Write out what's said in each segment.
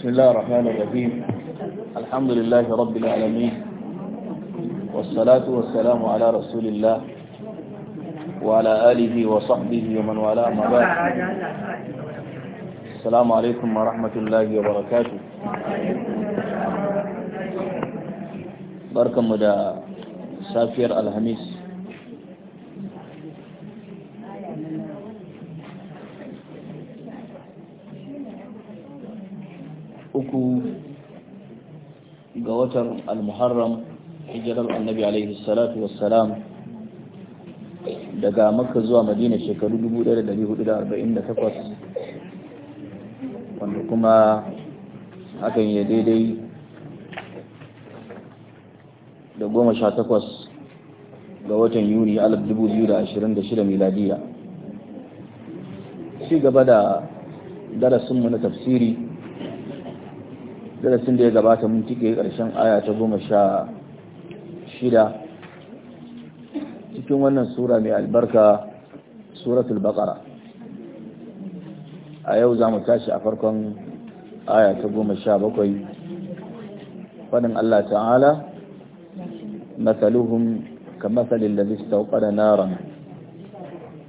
بسم الله الرحمن الرحيم الحمد لله رب العالمين والصلاة والسلام على رسول الله وعلى آله وصحبه ومن والاه ما بعد السلام عليكم ورحمة الله وبركاته بركة مدى سافير الهميس watan al-muharram hijirar annabi alaihi salatu wassalam daga makka zuwa madina shekaru 1448 wanda kuma hakan ya daidai da goma sha takwas ga watan yuni dubu biyu da da ashirin shida miladiya ci gaba da darasinmu na tafsiri darasin da ya gabata mun cike ƙarshen aya ta goma sha shida cikin wannan sura mai albarka suratul baƙara a yau za mu tashi a farkon aya ta goma sha bakwai faɗin Allah ta'ala matsaluhun ka matsalin da zista ƙwada naran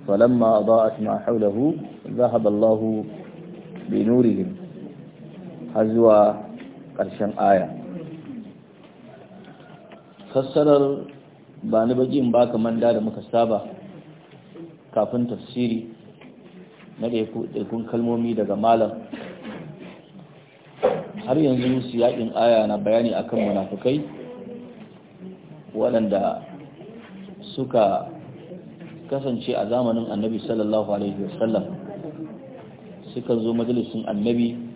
falamma ba a tuna haulahu zahaballahu bi nurihim har zuwa ƙarshen aya fassarar ba ni in ba manda da muka saba kafin tafsiri na ɗaikun kalmomi daga malam har yanzu su yaƙin aya na bayani akan munafukai waɗanda suka kasance a zamanin annabi sallallahu alaihi wasallam suka zo majalisun annabi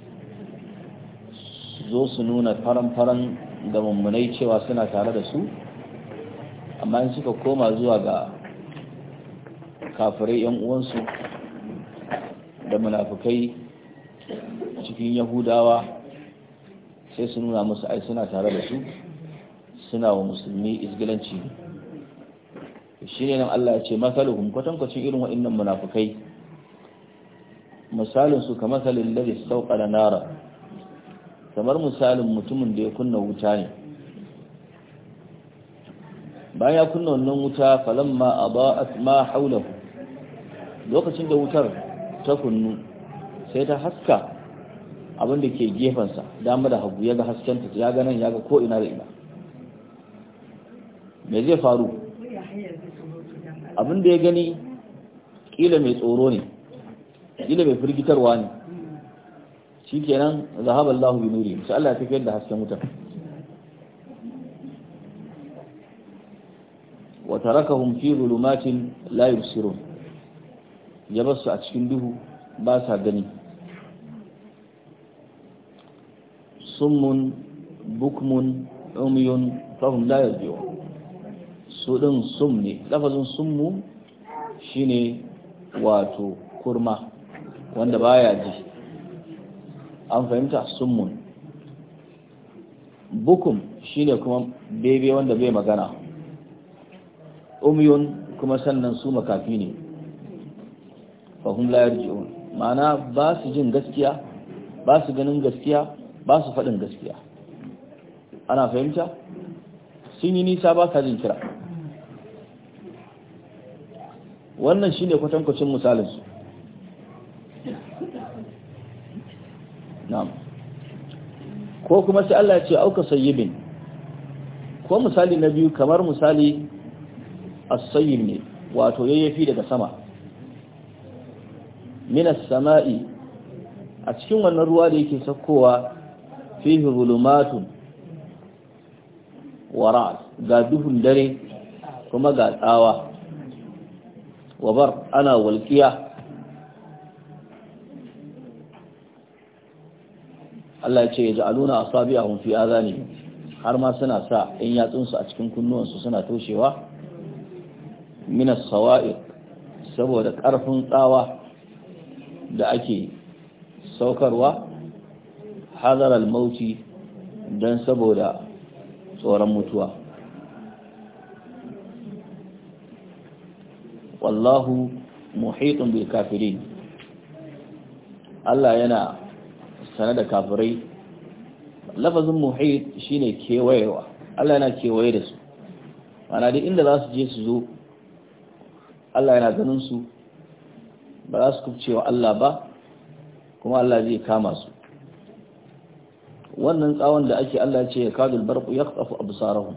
zo su nuna faran-faran da mummunai cewa suna tare da su amma in suka koma zuwa ga kafirai yan uwansu da munafukai cikin yahudawa sai su nuna musu ai suna tare da su suna wa musulmi isgilanci shi ne nan Allah ya ce masaluhum kwatankwacin irin waɗannan munafukai misalin su ka matsalin lalisa sauƙa da nara kamar misalin mutumin da ya kunna wuta ne bayan ya kunna wannan wuta falamma aba'at ma haulahu lokacin da wutar ta kunnu sai ta haska abin da ke gefensa dama da hagu ya ga ta ya ga ya ga ko da ina me zai faru abin da ya gani kila mai tsoro ne kila mai firgitarwa ne shikenan zahaba Allahu bi nuri sai Allah ya tafiyar da hasken wuta. wa tarakahum fi dhulumatin la yubsirun ya basu a cikin duhu ba sa gani summun bukmun umyun fahum la yarji'un su din sum ne lafazin summu shine wato kurma wanda baya ji an fahimta summun bukum shine kuma bebe wanda bai magana umyun kuma sannan su makafi ne fahim layar yarji'un ma'ana ba su jin gaskiya ba su ganin gaskiya ba su faɗin gaskiya ana fahimta sun yi nisa ba ka jin kira wannan shine kwatankwacin misalinsu ko kuma sai Allah ya ce auka sayyibin ko misali na biyu kamar misali as-sayyib ne wato yayyafi daga sama min as-sama'i a cikin wannan ruwa da yake sakkowa fihi zulumatun wa ga duhun dare kuma ga tsawa wabar ana walƙiya Allah ya ce ya ja'aluna hunfi a azanihim har ma suna sa in yatsunsu a cikin kunnuwansu suna toshewa mina sawa'i saboda karfin tsawa da ake saukarwa hadar al-mauti don saboda tsoron mutuwa wallahu muhitun bil kafirin Allah yana sane da kafirai lafazin muhit shine kewayewa Allah yana kewaye da su mana duk inda za su je su zo Allah yana ganin su ba za su kubcewa Allah ba kuma Allah zai kama su wannan tsawon da ake Allah ce ya kadul barku ya Abu absarahum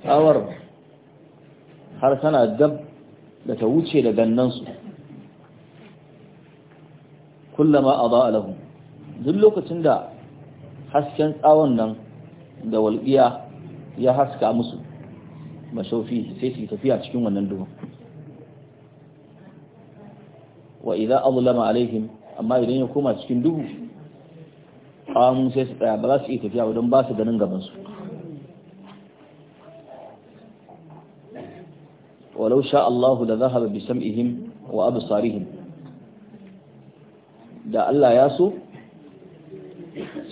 tsawar har tana dab da ta wuce da gannansu kullama adaa lahum duk lokacin da hasken tsawon nan da walqiya ya haska musu mashofi sai su tafiya cikin wannan duhu wa idza adlama alaihim amma idan ya koma cikin duhu qamu sai su tsaya ba za su iya tafiya don ba su ganin gaban su walau sha Allahu la dhahaba bi sam'ihim wa absarihim da Allah ya so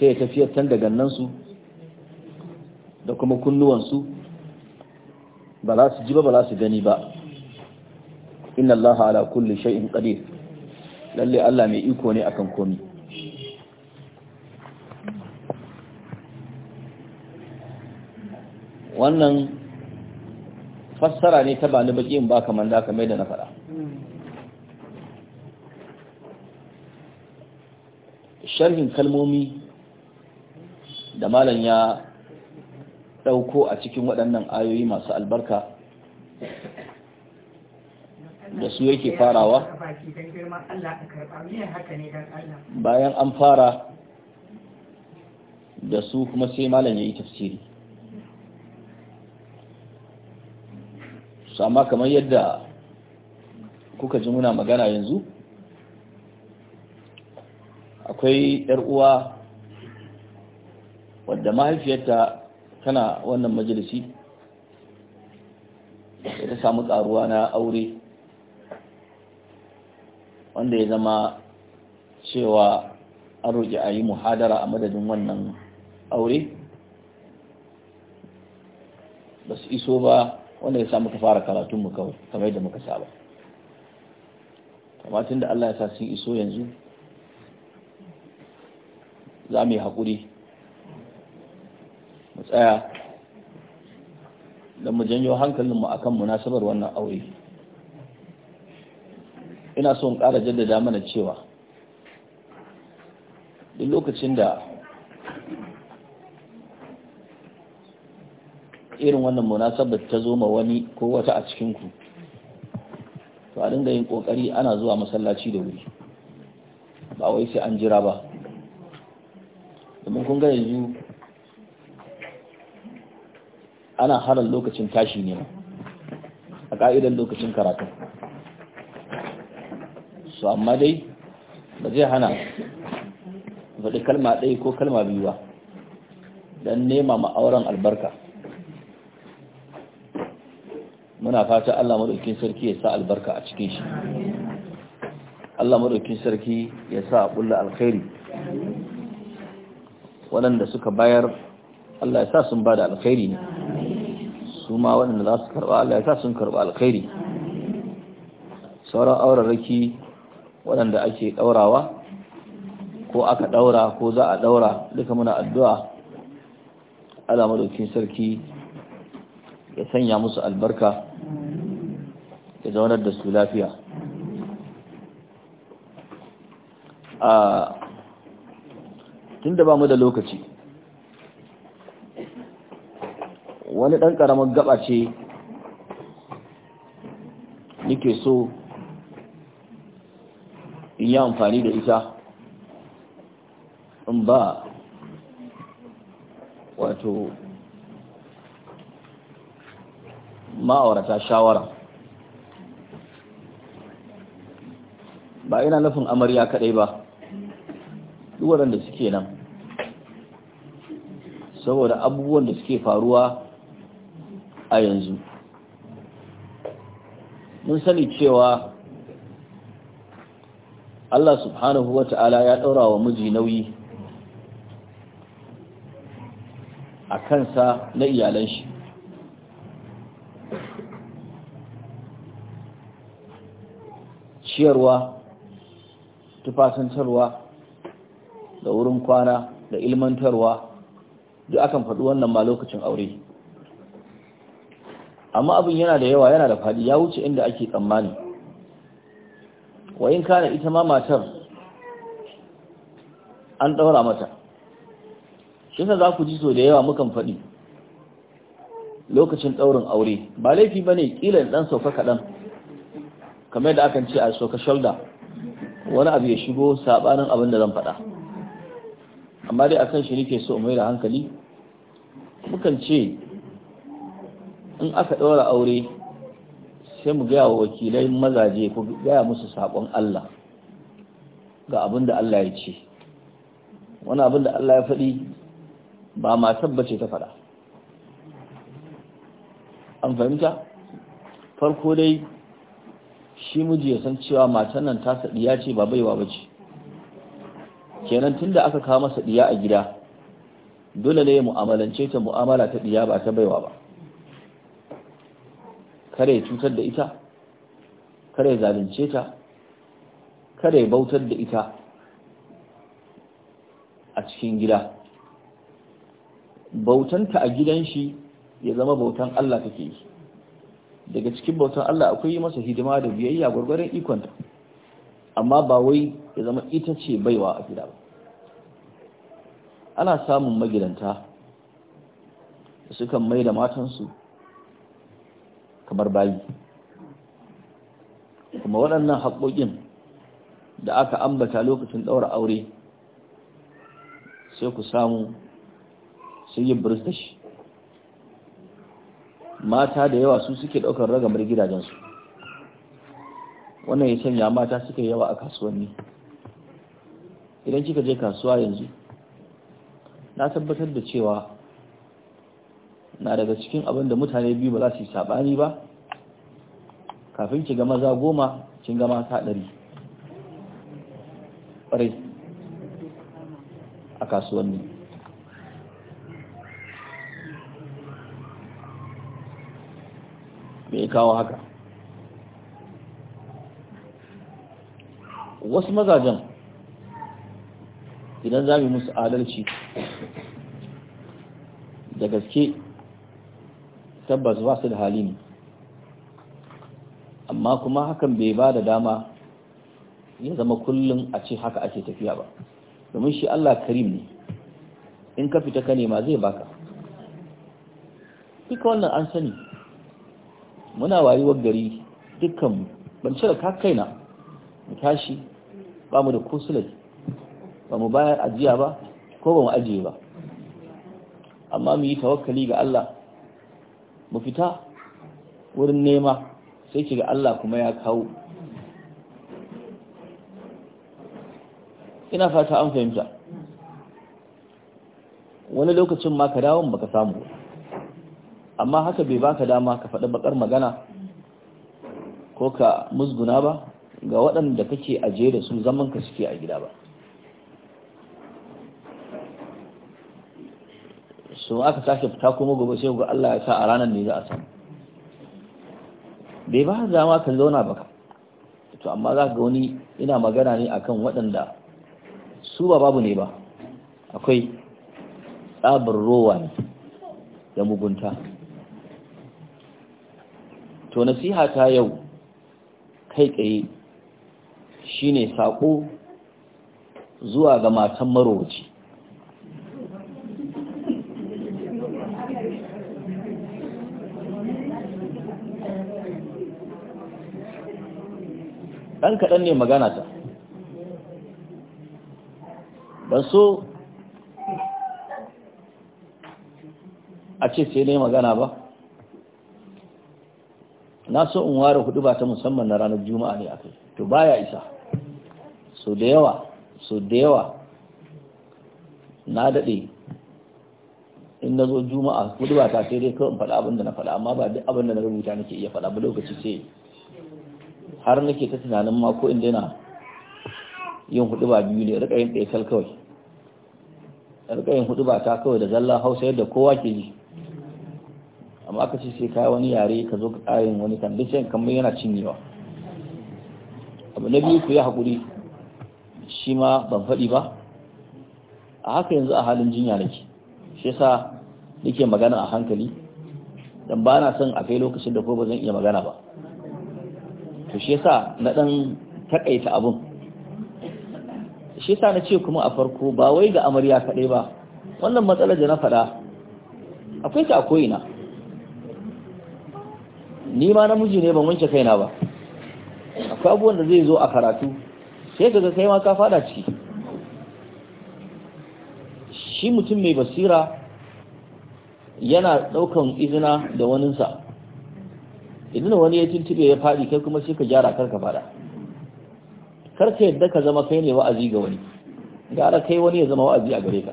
sai ya tafiyar tan da gannansu da kuma kunnuwansu ba za su ji ba ba za su gani ba inna Allah ala kulli shay'in qadir lalle Allah mai iko ne akan komi wannan fassara ne ta bani baki in ba kamar da kamar da na faɗa sharhin kalmomi da malam ya ɗauko a cikin waɗannan ayoyi masu albarka da su yake farawa bayan an fara da su kuma sai malam ya yi tafsiri amma kamar yadda kuka ji muna magana yanzu akwai yar uwa wadda mahaifiyarta tana wannan majalisi ya ta samu karuwa na aure wanda ya zama cewa an roƙi a yi muhadara a madadin wannan aure ba su iso ba wanda ya samu ta fara karatunmu kawai kamar yadda muka saba tun da allah ya sa sun iso yanzu za mu yi haƙuri mu tsaya da mu janyo hankalinmu kan munasabar wannan aure ina son ƙara jaddada mana cewa duk lokacin da irin wannan munasabar ta zo ma wani ko wata a cikinku to a dinga yin ƙoƙari ana zuwa masallaci da wuri ba wai sai an jira ba kun ga yanzu ana halar lokacin tashi ne a ƙa'idar lokacin karatu su amma dai ba zai hana faɗi kalma ɗaya ko kalma biyu ba don nema ma'auren albarka muna fata Allah maɗaukin sarki ya sa albarka a cikin shi Allah maɗaukin sarki ya sa a ƙulla alkhairi waɗanda suka bayar Allah ya sa sun ba da alkhairi ne su ma waɗanda za su karɓa Allah ya sa sun karɓa alkhairi sauran aurarraki waɗanda ake ɗaurawa ko aka ɗaura ko za a ɗaura duka muna addu'a ala madaukin sarki ya sanya musu albarka ya zaunar da su lafiya ah, tunda ba mu da lokaci wani ɗan ƙaramin gaba ce nike so in yi amfani da ita in ba wato ma'aurata shawara ba ina nufin amarya kaɗai ba duk waɗanda suke nan saboda abubuwan da suke faruwa a yanzu mun sani cewa Allah subhanahu wa ta'ala ya ɗaura wa miji nauyi a kansa na iyalan shi ciyarwa tufasantarwa da wurin kwana da ilmantarwa duk akan faɗi wannan ma lokacin aure amma abin yana da yawa yana da faɗi ya wuce inda ake tsammani wayin kana ita ma matar an ɗaura mata shi za ku ji so da yawa mukan faɗi lokacin ɗaurin aure ba laifi ba ne ƙila ɗan sauka kaɗan kamar da akan ce a sauka shoulder wani abu ya shigo saɓanin abin da zan faɗa amma dai a kan shi nake so mai da hankali mukan ce in aka ɗaura aure sai mu gaya wa wakilai mazaje ko gaya musu saƙon Allah ga abin da Allah ya ce wani abin da Allah ya faɗi ba ma tabbace ta faɗa an fahimta farko dai shi miji ya san cewa matan nan tasa ya ce ba baiwa ba ce kenan tunda aka kawo masa diya a gida dole ne mu'amalance ta mu'amala ta diya ba ta baiwa ba kare cutar da ita kare ya zalunce ta kare bautar da ita a cikin gida bautanta a gidan shi ya zama bautan Allah take yi daga cikin bautan Allah akwai yi masa hidima da biyayya gwargwaron ikonta amma ba wai ya zama ita ce baiwa a gida ba ana samun magidanta da sukan mai da matansu kamar bayi kuma waɗannan haƙoƙin da aka ambata lokacin ɗaura aure sai ku samu sun yi birtashi mata da yawa su suke ɗaukar ragamar gidajensu wannan ya sanya mata suka yawa a kasuwanni idan kika je kasuwa yanzu na tabbatar da cewa na daga cikin abin da mutane biyu ba za su yi saɓani ba kafin ki ga maza goma kin ga mata ɗari ƙwarai a kasuwanni me kawo haka wasu mazajen idan za mu musu adalci da gaske tabbas ba su da hali ne amma kuma hakan bai ba da dama ya zama kullum a ce haka ake tafiya ba domin shi Allah karim ne in ka fita ka nema zai baka duka wannan an sani muna wayewar gari dukkan ban cire ka kaina mu tashi ba mu da kusulai ba mu bayar ajiya ba ko ba mu ajiye ba amma mu yi tawakkali ga Allah mu fita wurin nema sai ki ga Allah kuma ya kawo ina fata an fahimta wani lokacin ma ka dawon baka samu amma haka bai baka dama ka faɗi bakar magana ko ka musguna ba ga waɗanda kake aje da su zaman ka suke a gida ba su aka sake fita kuma gobe sai ga Allah ya sa a ranar ne za a samu bai ba zama ka zauna ba to amma za ga wani ina magana ne akan waɗanda su ba babu ne ba akwai tsabar rowa ne da mugunta to nasiha ta yau kai tsaye shine sako zuwa ga matan marowaci ɗan kaɗan ne magana ta ban so a ce sai ne magana ba na so in ware hudu ba ta musamman na ranar juma'a ne a kai to baya isa su da yawa su da yawa na daɗe in na zo juma'a kudu ba ta sai dai kawai in faɗa abinda na faɗa amma ba duk abinda na rubuta nake iya faɗa ba lokaci ce har nake ta tunanin ma ko inda na yin hudu ba biyu ne rika yin ɗaya kawai rika yin hudu ba ta kawai da zalla hausa yadda kowa ke ji amma aka ce sai kai wani yare ka zo ka ƙarin wani kan duk sai kamar yana cinyewa abu na biyu ku yi haƙuri shi ma ban faɗi ba a haka yanzu a halin jinya nake shi sa nake magana a hankali dan ba na son a kai lokacin da ko ba zan iya magana ba to shi sa na ɗan taƙaita abin shi sa na ce kuma a farko ba wai ga amarya kaɗai ba wannan matsalar da na faɗa akwai ta a ko'ina ni ma namiji ne ban wanke kaina ba akwai abubuwan da zai zo a karatu sai ka ga kai ma ka fada ciki shi mutum mai basira yana ɗaukan izina da waninsa idan wani ya tuntube ya faɗi kai kuma sai ka gyara kar ka faɗa ka yadda ka zama kai ne wa'azi ga wani gara kai wani ya zama wa'azi a gare ka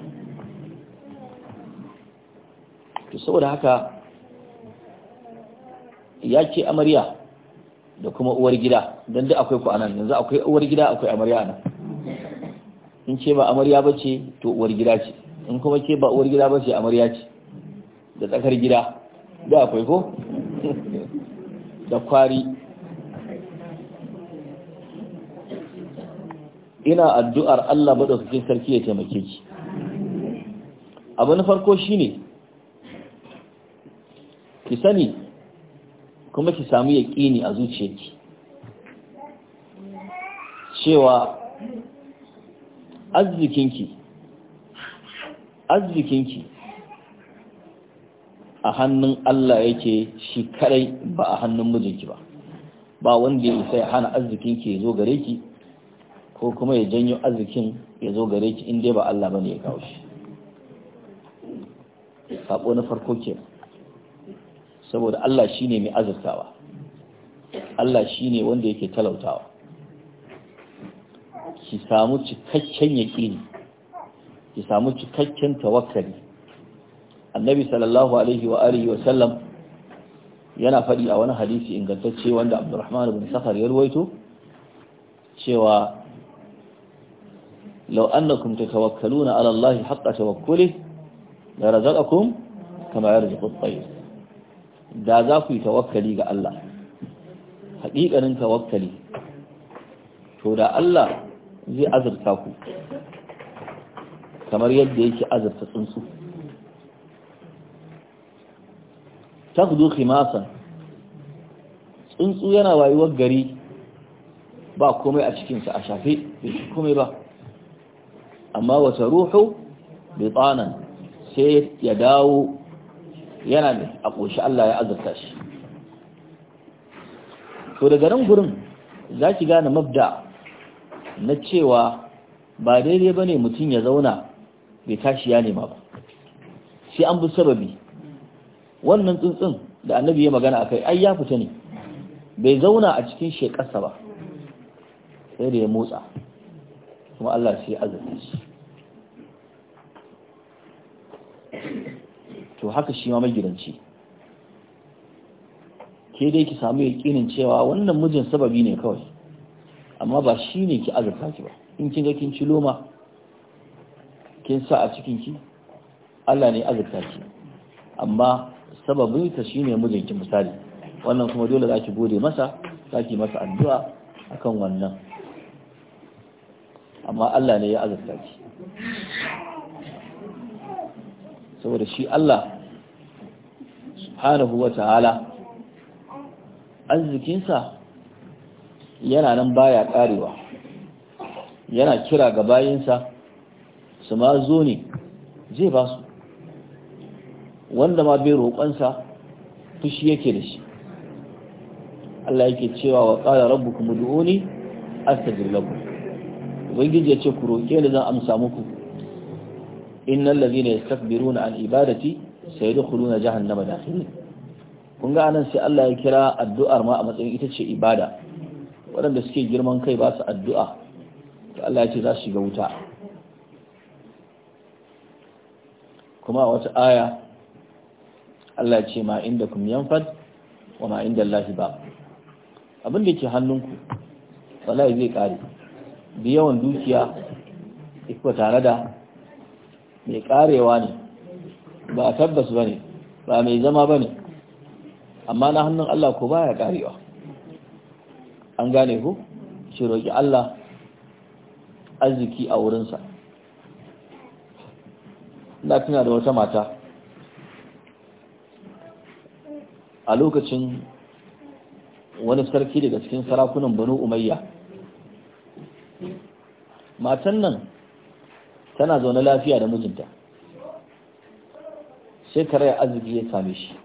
to saboda haka ya ce amarya da kuma uwar gida don duk akwai ku anan yanzu akwai uwar gida akwai amarya anan in ce ba amarya ba ce to uwar gida ce in kuma ce ba uwar gida ba ce amarya ce da tsakar gida da akwai ko da kwari ina addu'ar Allah maɗaukakin sarki ya taimake ki abu na farko shine ki sani kuma ki samu yaƙini a zuciyarki cewa arzikinki arzikinki a hannun Allah yake shi kadai ba a hannun mijinki ba ba wanda ya isa ya hana arzikinki ya zo gare ki ko kuma ya janyo arzikin ya zo gare ki in dai ba Allah bane ya kawo shi sako na farko kenan saboda Allah ne mai azurtawa Allah ne wanda yake talautawa ki samu cikakken yaƙini, ki samu cikakken tawakkali annabi sallallahu alaihi wa alihi wa sallam yana faɗi a wani hadisi ingantacce wanda Abdurrahman bin Sakhar ya ruwaito cewa لو أنكم تتوكلون على tawakkuli حق توكله kama كما يرزق الطير da za ku yi tawakkali ga Allah haƙiƙanin tawakkali to da Allah zai azurta ku kamar yadda yake azurta tsuntsu ta hudu khimasan tsuntsu yana wayuwar gari ba komai a cikinsa a shafe da shi komai ba amma wata ruhu bai tsanan sai ya dawo yana ne a ƙoshi Allah ya azurta shi to daga nan gurin za ki gane mabda na cewa ba daidai ba ne mutum ya zauna bai tashi ya nema ba sai an bi sababi wannan tsuntsun da annabi ya magana a kai ai ya fita ne bai zauna a cikin shekarsa ba sai da ya motsa kuma Allah sai azurta shi to haka shi ma magidanci ke dai ki samu yakinin cewa wannan mijin sababi ne kawai amma ba shi ne ki azurta ki ba in kin ga kin ci loma kin sa a cikin ki Allah ne azurta ki amma sababin ta shine mijin ki misali wannan kuma dole za ki gode masa za ki masa addu'a akan wannan amma Allah ne ya azurta ki saboda shi Allah subhanahu wa ta'ala arzikinsa yana nan baya karewa yana kira ga bayinsa su ma zo ne zai ba su wanda ma bai roƙonsa fushi yake da shi Allah yake cewa wa ƙara rabu kuma du'uni astajir lakum ubangiji ya ce ku roƙe ni zan amsa muku na ya yastakbiruna na al'ibadati. sai da na na dakhili kun ga anan sai Allah ya kira addu'ar ma a matsayin ita ce ibada waɗanda suke girman kai ba su addu'a to Allah ya ce za su shiga wuta kuma a wata aya Allah ya ce ma inda kun yanfad wa ma inda Allah ba abin ke hannunku wallahi zai ƙari bi yawan dukiya iko tare da mai ƙarewa ne ba a tabbas ba ne ba mai zama ba ne amma na hannun Allah ko ba ya ƙarewa an gane ku shi roƙi Allah arziki a wurinsa na tuna da wata mata a lokacin wani sarki daga cikin sarakunan banu umayya matan nan tana zaune lafiya da mijinta sai karaya arziki ya same shi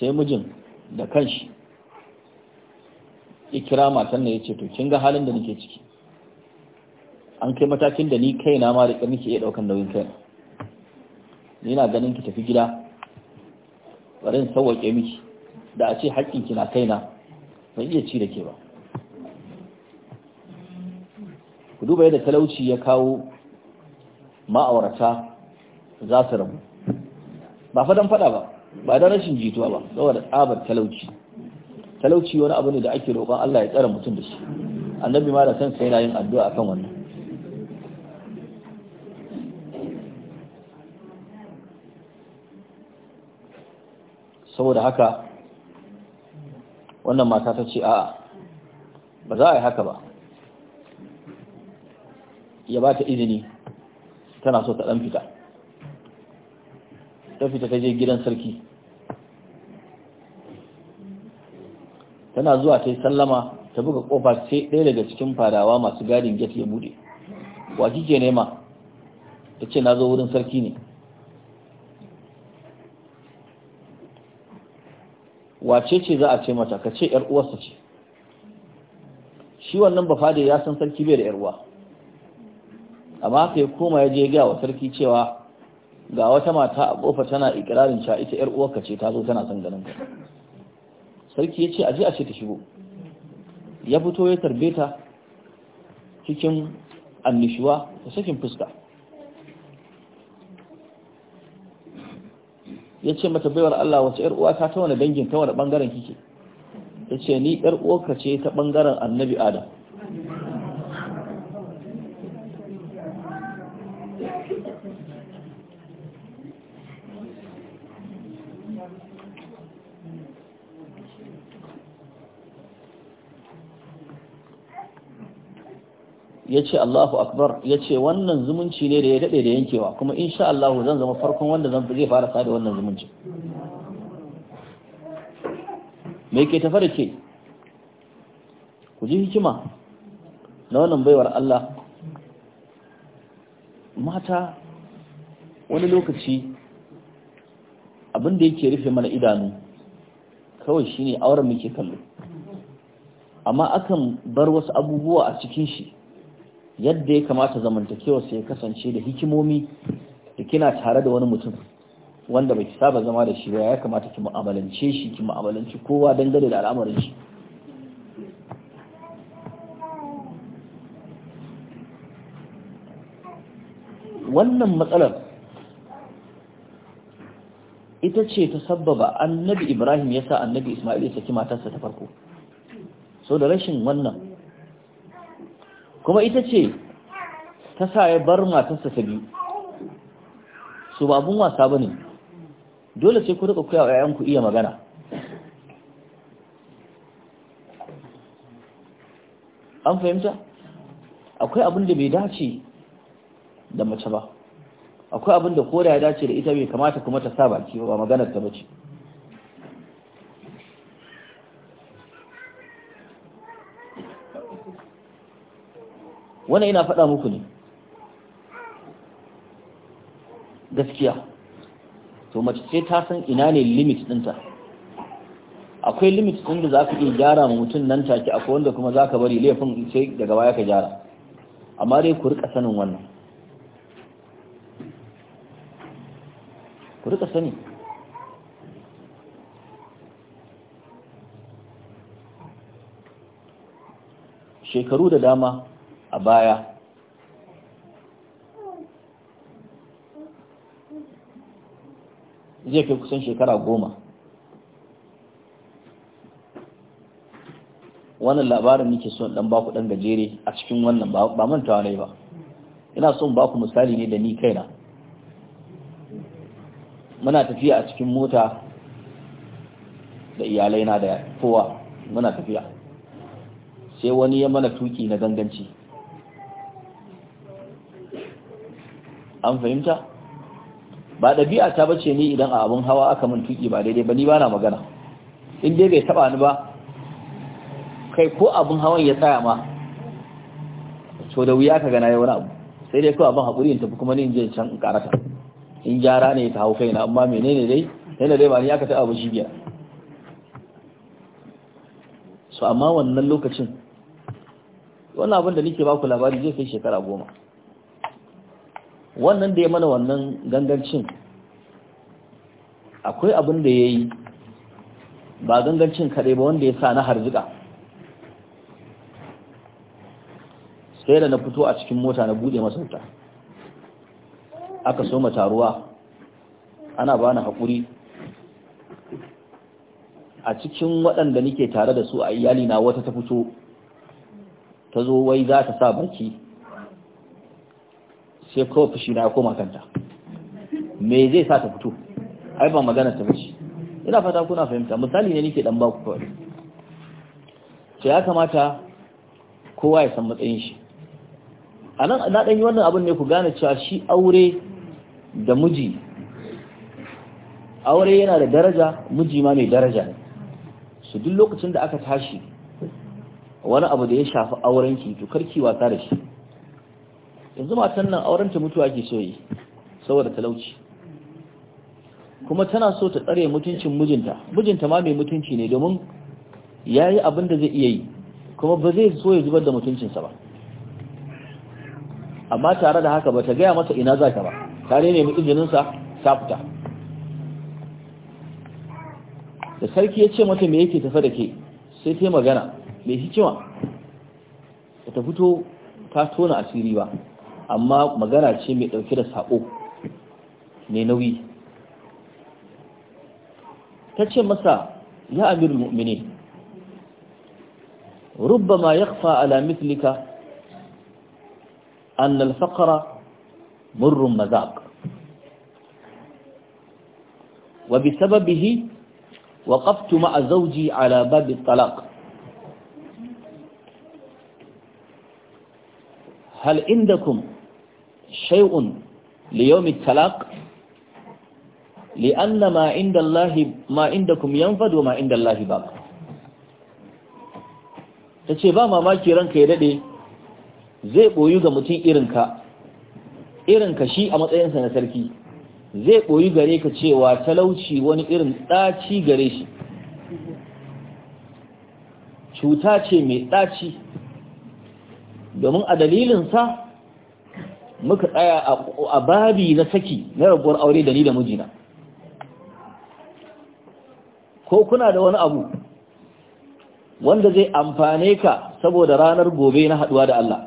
sai mijin da kanshi ya kira matan ya ce to kin ga halin da nake ciki an kai matakin da ni kaina ma da ke iya ɗaukan nauyin kai ni na ganin ki tafi gida bari in sauwake miki da a ce haƙƙinki na kaina ban iya ci da ke ba ku duba yadda talauci ya kawo ma'aurata za su rabu ba fadan fada ba ba da rashin jituwa ba saboda tsabar talauci talauci wani abu ne da ake roƙon Allah ya tsara mutum da shi annabi ma da kansa yana yin addu'a akan wannan saboda haka wannan mata ta ce a'a ba za a yi haka ba ya ba ta izini tana so ta ɗan fita ta fita ta je gidan sarki tana zuwa ta yi sallama ta buga ƙofa sai ɗaya daga cikin fadawa masu gadin get ya bude wa kike nema ta ce na zo wurin sarki ne wace ce za a ce mata ka ce yar uwarsa ce shi wannan bafade ya san sarki bai da yar uwa amma aka ya koma ya je gawa wa sarki cewa ga wata mata a kofa tana ikirarin sha ita yar uwarka ce ta zo tana son ganin ka sarki ya ce aje a ce ta shigo ya fito ya tarbe ta cikin annishuwa da sakin fuska ya ce mata baiwar Allah wace ‘yar uwa ta ta dangin ta wani bangaren kike ya ce ni ‘yar uwarka ce ta bangaren annabi Adam Yace Allahu Akbar ya ce wannan zumunci ne da ya daɗe da yankewa kuma insha Allahu zan zama farkon wanda zan zai fara sada wannan zumunci me ke tafa da ke ku ji hikima na wannan baiwar Allah mata wani lokaci abinda da yake rufe mana idanu kawai shine auren muke kallo amma akan bar wasu abubuwa a cikin shi yadda ya kamata zamantakewa sai ya kasance da hikimomi da kina tare da wani mutum wanda baki saba zama da shi ba ya kamata ki mu'amalance shi ki mu'amalance kowa dangane da al'amarin shi wannan matsalar ita ce ta sabbaba annabi ibrahim ya sa annabi ismail ya saki matarsa ta farko so da rashin wannan kuma ita ce ta sa ya bar matarsa ta biyu su ba abun wasa ba ne dole sai ku rika kuyawa wa 'ya'yanku iya magana an fahimta akwai abin da bai dace da mace ba akwai abin da koda ya dace da ita bai kamata kuma ta sa baki ba maganar ta bace wani ina faɗa muku ne gaskiya to mace sai ta san ina ne limit ɗinta akwai limit ɗin da za ka iya gyara ma mutum nan take akwai wanda kuma za ka bari laifin sai daga baya ka gyara amma dai ku rika sanin wannan ku rika sani shekaru da dama a baya zai kai kusan shekara goma wannan labarin nike son dan baku dan gajere a cikin wannan ba mantawa ne ba ina son baku misali ne da ni kaina muna tafiya a cikin mota da iyalaina da kowa muna tafiya sai wani ya mana tuki na ganganci an fahimta ba ɗabi'a ta bace ni idan a abin hawa aka mun tuki ba daidai ba ni ba na magana in dai bai taba ni ba kai ko abin hawan ya tsaya ma so da wuya ka gana ya wani abu sai dai ko abun haƙuri in tafi kuma ni in je can in karata in gyara ne ta hau kaina amma menene dai yana dai ba ni aka taɓa ba shi biya so amma wannan lokacin wannan abin da nake baku labari zai kai shekara goma wannan da ya mana wannan gangancin akwai abin da ya yi ba gangancin kaɗai ba wanda ya sa na harzika. sai da na fito a cikin mota na buɗe masauta aka soma taruwa ana bani haƙuri a cikin waɗanda nake tare da su a iyalina wata ta fito ta zo wai za ta sa baki sai kawai fushi na ya koma kanta me zai sa ta fito ai ba magana ta bace ina fata kuna fahimta misali ne nake dan baku kawai to ya kamata kowa ya san matsayin shi a nan na ɗan yi wannan abin ne ku gane cewa shi aure da miji aure yana da daraja miji ma mai daraja ne su duk lokacin da aka tashi wani abu da ya shafi aurenki to karki wasa da shi yanzu matan nan auren ta mutuwa ke so saboda talauci kuma tana so ta tsare mutuncin mijinta mijinta ma mai mutunci ne domin ya yi abin da zai iya yi kuma ba zai so ya zubar da mutuncinsa ba amma tare da haka ba ta gaya masa ina za ka ba tare ne mai izininsa ta fita da sarki ya ce mata me yake tafa da ke sai ta magana mai hikima ta fito ta tona asiri ba amma magana ce mai ɗauke da saƙo mai nauyi ta ce masa ya amir mu'mini rubbama ya kafa alamislika an alfaƙara murrun mazaƙ وبسببه وقفت مع زوجي على باب الطلاق هل عندكم shay'un li yawmi talaq li'anna ma inda Allah ma indakum ma inda Allah tace ba mamaki ranka ya dade zai boyu ga mutum irinka irinka shi a matsayinsa na sarki zai boyu gare ka cewa talauci wani irin daci gare shi cuta ce mai daci domin a dalilin sa muka tsaya a babi na saki na rabuwar aure da ni da mijina ko kuna da wani abu wanda zai amfane ka saboda ranar gobe na haduwa da Allah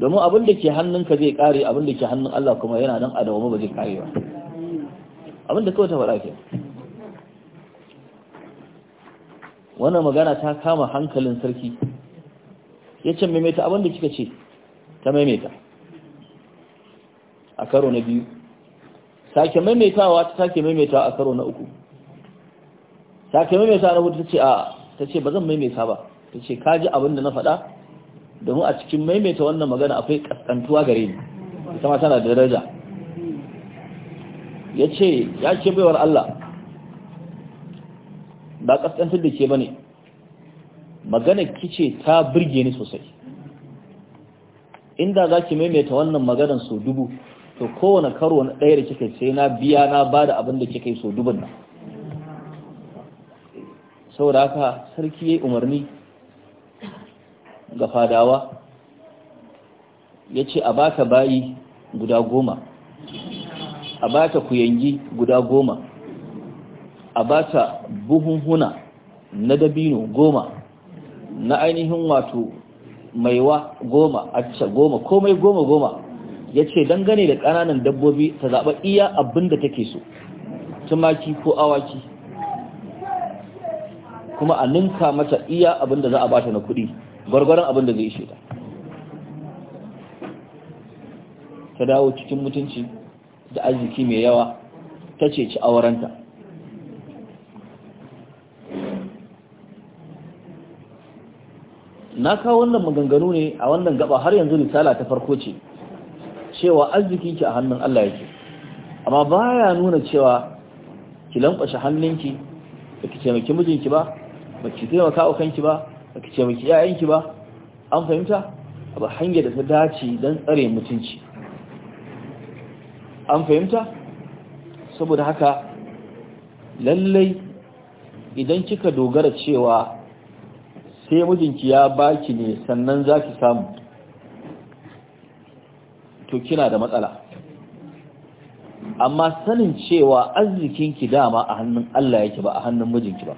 domin abin da ke hannunka zai kare abin da ke hannun Allah kuma yana nan a dawo ba zai kare ba abin da kawai ta faɗa ke wannan magana ta kama hankalin sarki ya ce maimaita abin da kika ce ta maimaita a karo na biyu sake maimaitawa ta sake maimaitawa a karo na uku sake maimaitawa na hudu ta ce a ta ce ba zan maimaita ba ta ce ka ji abin da na faɗa domin a cikin maimaita wannan magana akwai kaskantuwa gare ni ita ma tana da daraja ya ce ya ce baiwar Allah ba kaskantar da ke ba ne magana kice ta birge ni sosai inda za ki maimaita wannan maganar sau dubu to kowane karo na ɗaya da kika sai na biya na ba da abin da kika yi so dubin nan saboda haka sarki ya yi umarni ga fadawa ya ce a baka bayi guda goma a baka kuyangi guda goma a baka buhunhuna na dabino goma na ainihin wato maiwa goma acca goma komai goma goma ya ce dangane da ƙananan dabbobi ta zaɓa iya abin da take so tumaki ko awaki kuma a ninka mata iya abin da za a bata na kuɗi gwargwaron abin da zai ishe ta dawo cikin mutunci da arziki mai yawa ta ce ci aurenta na kawo wannan maganganu ne a wannan gaba har yanzu misala ta farko ce cewa arzikin ki a hannun Allah yake amma baya nuna cewa ki lankwashe hannunki baki taimaki mijinki ba baki taimaka wa kanki ba baki taimaki yayanki ba an fahimta abu hanyar da ta dace don tsare mutunci an fahimta saboda haka lallai idan kika dogara cewa sai mijinki ya baki ne sannan zaki samu to kina da matsala amma sanin cewa arzikinki dama a hannun Allah yake ba a hannun mijinki ba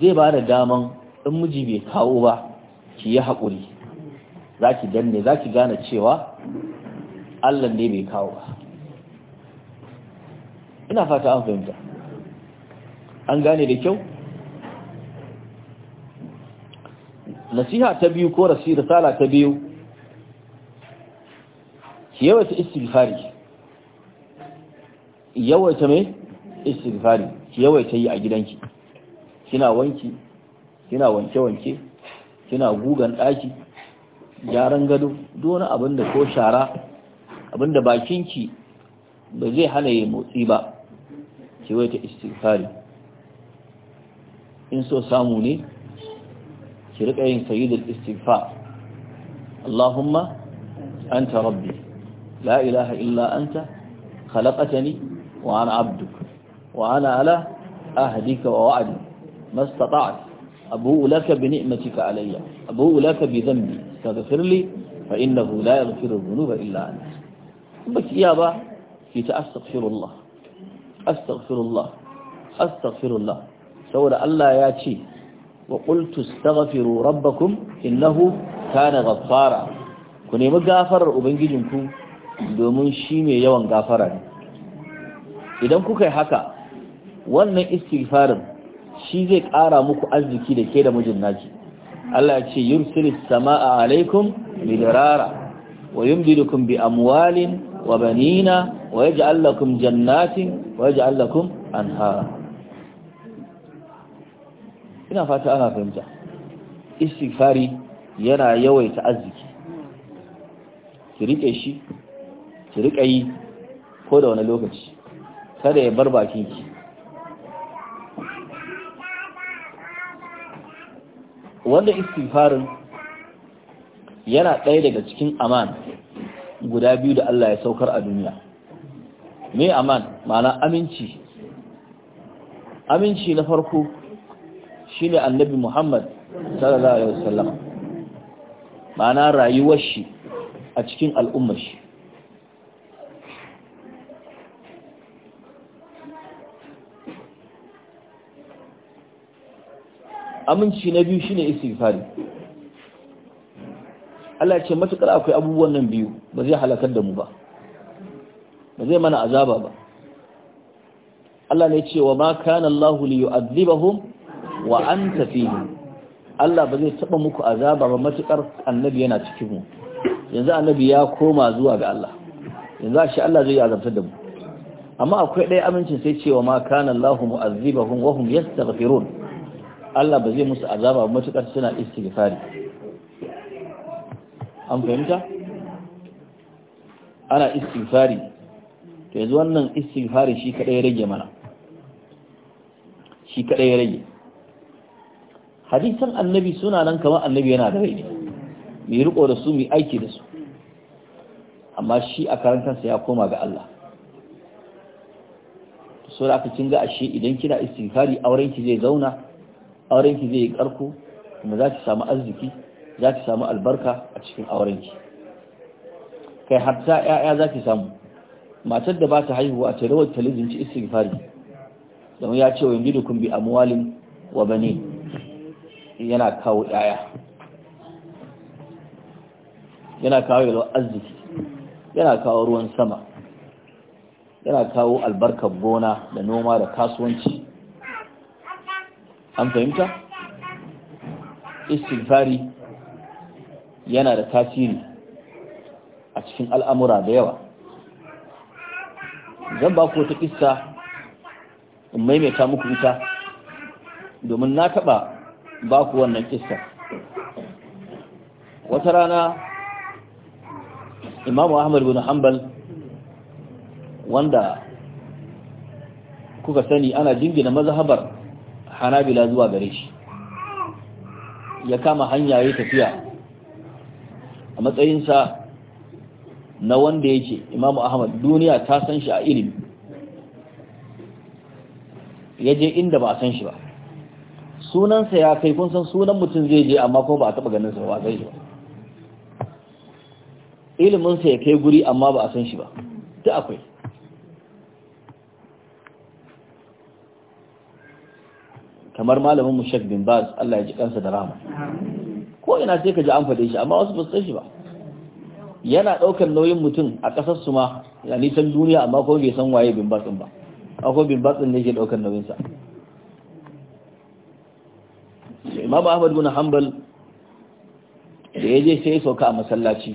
zai ba da daman in miji bai kawo ba ki yi haƙuri za ki danne za ki gane cewa Allah ne bai kawo ba ina fata an fahimta an gane da kyau nasiha ta biyu ko rasira sala ta biyu ki yawaita istighfari yawaita mai istighfari ki yawaita yi a gidanki kina wanki kina wanke-wanke kina gugan daki gyaran gado duk wani ko shara abinda da bakinki ba zai hana yi motsi ba ki yawaita istighfari in so samu ne ki riƙa yin sayyidul istighfar Allahumma anta rabbi la ilaha illa anta khalaqtani wa ana abduk wa ana ala ahdika wa wa'di mastata'tu abu'u laka bi ni'matika alayya abu'u laka bi dhanbi faghfir li fa innahu la yaghfiru dhunuba illa anta baki iya ba ki ta astaghfirullah astaghfirullah astaghfirullah saboda Allah ya ce wa qultu astaghfiru rabbakum innahu kana ghaffara ku nemi gafarar ubangijinku domin shi ne yawan gafara ne idan kuka yi haka wannan istighfarin shi zai ƙara muku arziki da ke da mijin naki Allah ya ce yursil sama'a alaikum midrara wa yumdidukum bi amwalin wa banina wa yaj'al lakum jannatin wa yaj'al lakum anhara ina fata ana fahimta istighfari yana yawaita arziki ki rike shi ki riƙa yi ko da wani lokaci kada ya bar bakin ki wanda istifarin yana ɗaya daga cikin aman guda biyu da Allah ya saukar a duniya me aman ma'ana aminci aminci na farko shi ne annabi Muhammad sallallahu alaihi wasallam ma'ana rayuwar shi a cikin al'ummar shi aminci na biyu shine istighfari Allah ya ce matukar akwai abubuwan nan biyu ba zai halakar da mu ba ba zai mana azaba ba Allah ne ce wa ma kana Allah li yu'adhibahum wa anta fihi Allah ba zai taba muku azaba ba matukar annabi yana cikin mu yanzu annabi ya koma zuwa ga Allah yanzu shi Allah zai azabtar da mu amma akwai ɗaya amincin sai cewa ma kana Allah mu'azzibahum wa hum yastaghfirun Allah ba zai musu azaba matuƙar suna istighfari an fahimta ana istighfari to yanzu wannan istighfari shi kadai ya rage mana shi kadai ya rage hadisan annabi suna nan kamar annabi yana da rai mai riko da su mai aiki da su amma shi a karan kansa ya koma ga Allah so da aka cin ga ashe idan kina istighfari aurenki zai zauna aurenki zai yi ƙarko, kuma za ki samu arziki za ki samu albarka a cikin aurenki kai hatta ya'ya za ki samu matar da ba ta haihuwa a tarawar talibin ci istighfari don ya ce wa gidu kun bi amwalin wa bane yana kawo ya'ya yana kawo yalwa arziki yana kawo ruwan sama yana kawo albarkar gona da noma da kasuwanci an fahimta istighfari yana da tasiri a cikin al'amura da yawa zan ba ku wata kissa in maimaita muku ita domin na taɓa ba ku wannan kissa wata rana imamu ahmad bin hanbal wanda kuka sani ana jingina mazhabar hanabila zuwa gare shi ya kama hanya ya tafiya a matsayinsa na wanda yake imamu ahmad duniya ta san shi a ilimi ya je inda ba a san shi ba sunansa ya kai kun san sunan mutum zai je amma ko ba a taba ganin sa ba zai ba iliminsa ya kai guri amma ba a san shi ba duk akwai kamar malamin mu bin bas Allah ya ji kansa da rama. ko ina sai ka ji an faɗe shi amma wasu ba su shi ba yana ɗaukar nauyin mutum a ƙasar su ma ya nisan duniya amma ko bai san waye bin basin ba akwai bin basin ne yake ɗaukar nauyin sa Imam Ahmad bin Hanbal da ya je sai ya sauka a masallaci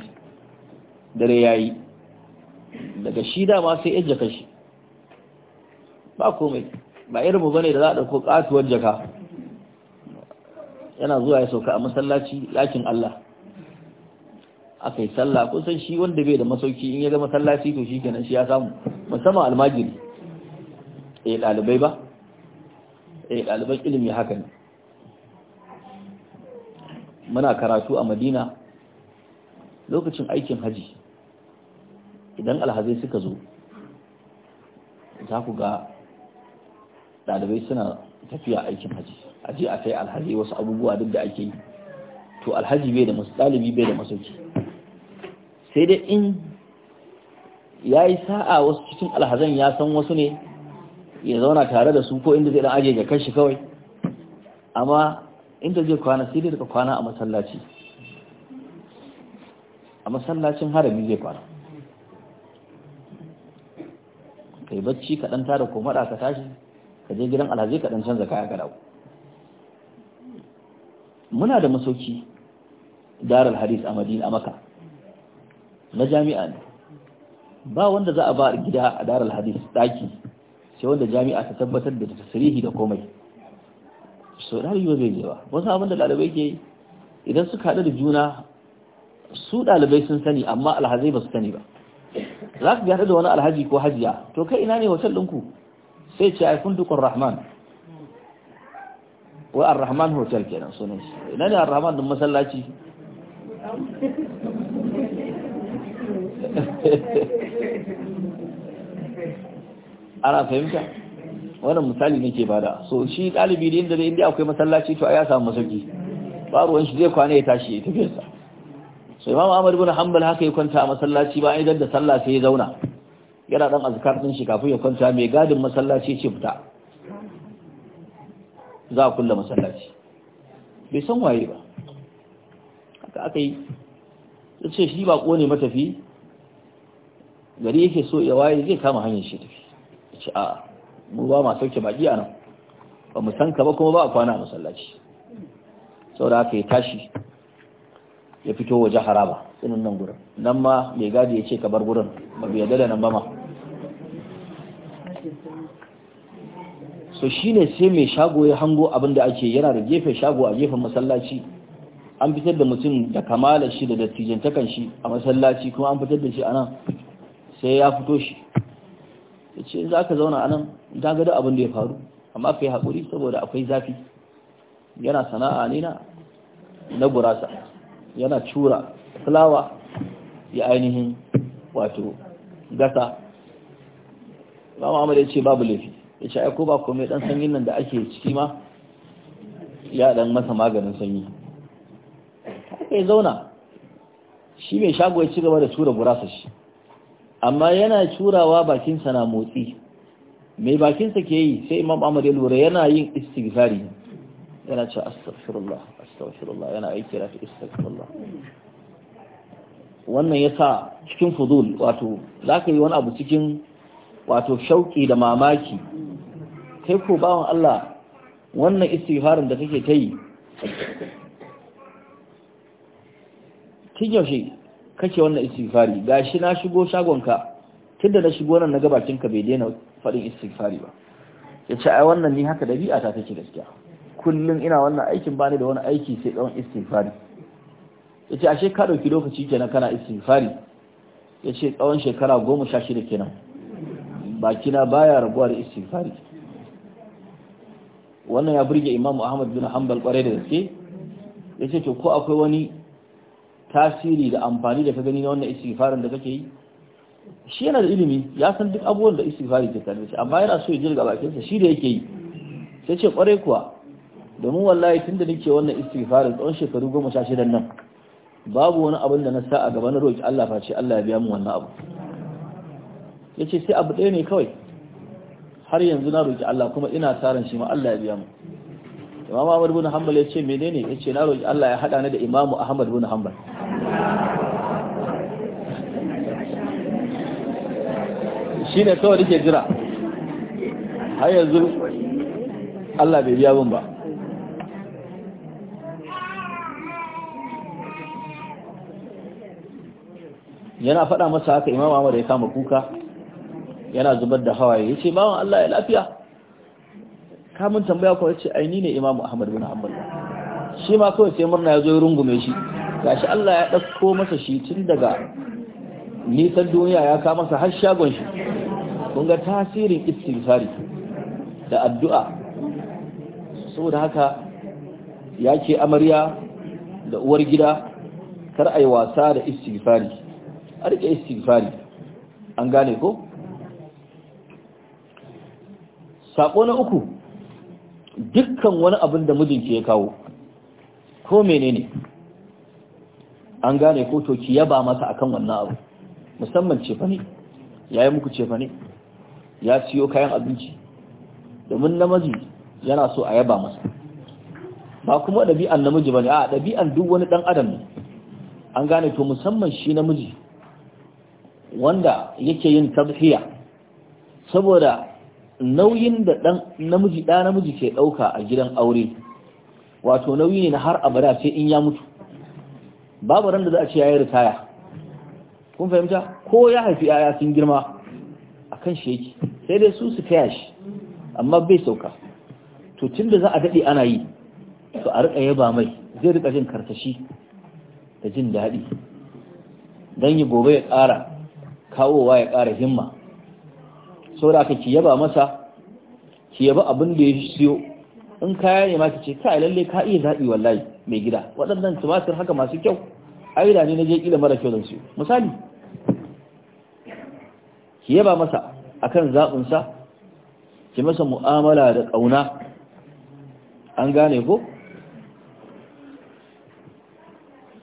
dare yayi daga shi dama sai ya jaka shi ba komai ba irin mu bane da za a ɗauko ƙatuwar jaka yana zuwa ya sauka a masallaci ɗakin Allah aka yi sallah kusan shi wanda bai da masauki in ya ga masallaci to shi kenan shi ya samu musamman almajiri eh ɗalibai ba eh ɗaliban ilimi haka ne muna karatu a madina lokacin aikin haji idan alhazai suka zo za ku ga ɗalibai suna tafiya aikin haji aje a kai alhaji wasu abubuwa duk da ake yi to alhaji bai da masu ɗalibi bai da masauki sai dai in ya yi sa'a wasu cikin alhazan ya san wasu ne ya zauna tare da su ko inda zai dan aje ga kanshi kawai amma inda zai kwana sai dai daga kwana a masallaci a masallacin harami zai kwana kai bacci kaɗan tara ko maɗa ka tashi ka je gidan alhaji ka dan canza kaya ka dawo muna da masauki darul hadis a madina maka na jami'a ne ba wanda za a ba gida a darul hadis daki sai wanda jami'a ta tabbatar da tasrihi da komai so da yau zai je ba wasu abin da ɗalibai ke idan suka haɗu da juna su ɗalibai sun sani amma alhazai ba su sani ba za ka haɗu da wani alhaji ko hajiya to kai ina ne hotel ɗinku sai ce ai fundukun rahman wa ar-rahman hotel kenan sunan shi ina ne ar-rahman din masallaci ana fahimta wannan misali nake bada so shi dalibi da inda inda akwai masallaci to ya samu masauki babu wani shi zai kwana ya tashi ya tafiyarsa so imam Amadu bin hanbal haka ya kwanta a masallaci ba idan da sallah sai ya zauna yana dan azkar din shi kafin ya kwanta mai gadin masallaci ce fita za a kulle masallaci bai san waye ba haka aka yi ce shi ba kone matafi gari yake so ya waye zai kama hanyar shi tafi ce a mu ba ma sauke baki a nan ba mu san ka ba kuma ba a kwana a masallaci saboda haka ya tashi ya fito waje haraba tsinin nan gurin nan ma mai gadi ya ce ka bar gurin ba bai yadda da nan ba ma so ne sai mai shago ya hango abin da ake yana da gefe shago a gefen masallaci an fitar da mutum da kamala shi da dattijantakan shi a masallaci kuma an fitar da shi a nan sai ya fito shi ya ce za ka zauna a nan dagada abin da ya faru amma ka yi haƙuri saboda akwai zafi yana sana'a ne na gurasa yana cura fulawa ya ainihin wato gasa ba mu ya ce babu laifi ya ce ko ba komai dan sanyin nan da ake ciki ma ya dan masa maganin sanyi haka ya zauna shi mai shago ya ci gaba da tura gurasa shi amma yana turawa bakinsa na motsi mai bakinsa ke yi sai imam amur ya lura yana yin istighfari yana ce astaghfirullah astaghfirullah yana aiki rafi astaghfirullah wannan ya sa cikin fuzul wato za ka yi wani abu cikin wato shauƙi da mamaki kai ko bawan Allah wannan istighfarin da kake ta yi tun yaushe kake wannan Ga shi na shigo shagonka tunda na shigo nan na gabacinka bai daina faɗin istighfari ba ya ce ai wannan ni haka ɗabi'a ta take gaskiya kullum ina wannan aikin bani da wani aiki sai tsawon istighfari ya ce ashe ka ɗauki lokaci kenan kana istighfari ya ce tsawon shekara goma sha shida kenan bakina baya rabuwa da istighfari wannan ya burge imam ahmad bin hanbal kwarai da gaske ya ce ko akwai wani tasiri da amfani da ka gani na wannan istighfarin da kake yi shi yana da ilimi ya san duk abubuwan da istighfari ke tare shi amma yana so ya jirga sa shi da yake yi sai ce kwarai kuwa domin wallahi tun da nake wannan istighfarin tsawon shekaru goma sha shidan nan babu wani abin da na sa a gaba na roƙi Allah face Allah ya biya mu wannan abu yace sai abu ɗaya ne kawai har yanzu na roki Allah kuma ina taran shi ma Allah ya biya mu Imam Ahmad bin Hanbal ya ce menene ya ce na roki Allah ya hada ni da Imam Ahmad bin Hanbal shine kawai dake jira har yanzu Allah bai biya mun ba yana faɗa masa haka Imam Ahmad ya kama kuka yana zubar da hawaye yace bawan Allah ya lafiya ka tambaya ko yace aini ne Imam Ahmad bin Hanbal shi ma kawai sai murna yazo ya rungume shi gashi Allah ya dauko masa shi tun daga nisan duniya ya ka masa har shagon shi kun ga tasirin istighfari da addu'a saboda haka yake amarya da uwar gida kar ai wasa da istighfari a rike istighfari an gane ko Saƙo na uku dukkan wani abin da mijinki ya kawo ko menene an gane ko to ki yaba masa akan wannan abu musamman cefane ya yi muku ne ya siyo kayan abinci domin namiji yana so a yaba masa ba kuma ɗabi'an namiji ba ne a ɗabi'an duk wani ɗan adam ne an gane to musamman shi namiji wanda yake yin tabhiya saboda nauyin da ɗan namiji ɗa namiji ke ɗauka a gidan aure wato nauyi ne na har abada ce in ya mutu babu ran da za a ce ya yi ritaya kun fahimta ko ya haifi yaya sun girma a kan shi yake sai dai su su kaya shi amma bai sauka to tun da za a daɗe ana yi to a riƙa yaba mai zai riƙa jin karkashi da jin daɗi Dan yi gobe ya ƙara kawowa ya ƙara himma saboda ka ki yaba masa ki yaba abin da ya siyo in kaya ne ma ki ce kai lalle ka iya zaɓi wallahi mai gida waɗannan tumatir haka masu kyau aida ne na je kila mara kyau zan siyo misali ki yaba masa akan zabin sa ki masa mu'amala da ƙauna an gane ko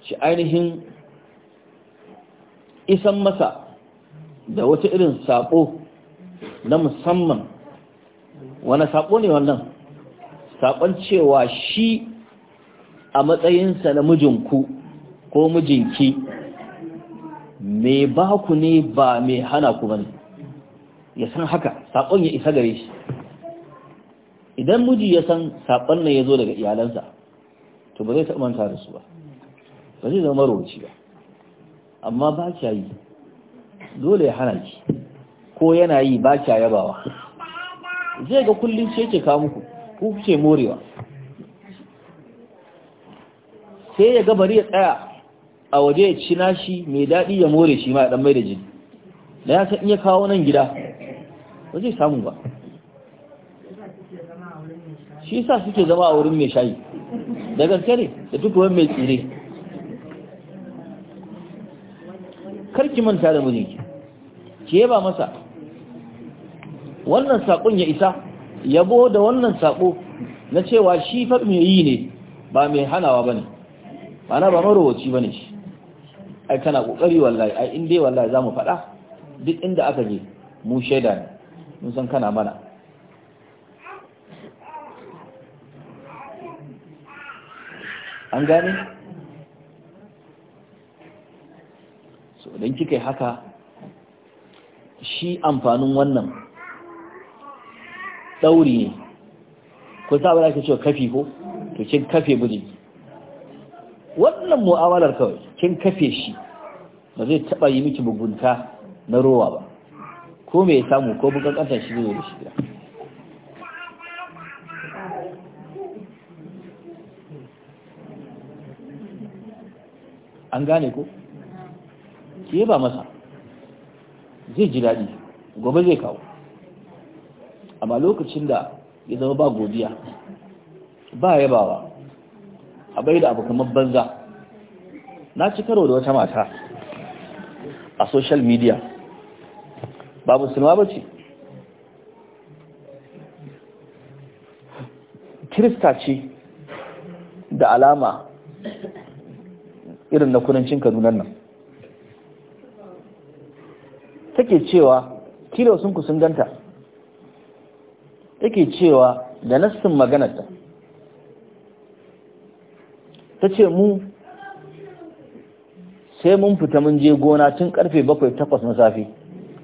shi ainihin isan masa da wata irin saƙo na musamman wani saƙo ne wannan saƙon cewa shi a matsayinsa na mijinku ko mijinki mai ba ku ne ba mai hana ku bane ya san haka saƙon ya isa gare shi idan miji ya san saƙon nan ya zo daga iyalansa to ba zai taɓa manta da su ba ba zai zama marowaci ba amma ba kya yi dole ya hana ki ko yana yi ba kya yabawa zai ga kullum ce ke kawo muku ku ce morewa sai ya gabari ya tsaya a waje ya ci nashi mai daɗi ya more shi ma ɗan mai da jini da ya san iya kawo nan gida ba zai samu ba shi sa suke zama a wurin mai shayi da gaskare ne da duk wani mai tsire karki manta da mijinki ki ba masa wannan sakon ya isa yabo da wannan sako na cewa shi fa mai yi ne ba mai hanawa bane bana ba marowaci bane shi ai kana kokari wallahi ai in dai wallahi zamu faɗa duk inda aka je mu sheda ne mun san kana mana an gane so dan kika yi haka shi amfanin wannan ɗauri ne ko sa ba za cewa kafi ko to kin kafe mijinki wannan mu'amalar kawai kin kafe shi ba zai taɓa yi miki bugunta na rowa ba ko me ya samu ko bugan kantar shi zai da shi gida an gane ko ke ba masa zai ji daɗi gobe zai kawo amma lokacin da ya zama ba godiya ba yabawa a bai da abu kamar banza na ci karo da wata mata a social media ba musulma ba ce kirista ce da alama irin na kudancin kanunan nan take cewa kilo sun ku sun ganta take cewa da nassin maganarta ta ce mu sai mun fita mun je gona tun karfe bakwai takwas na safi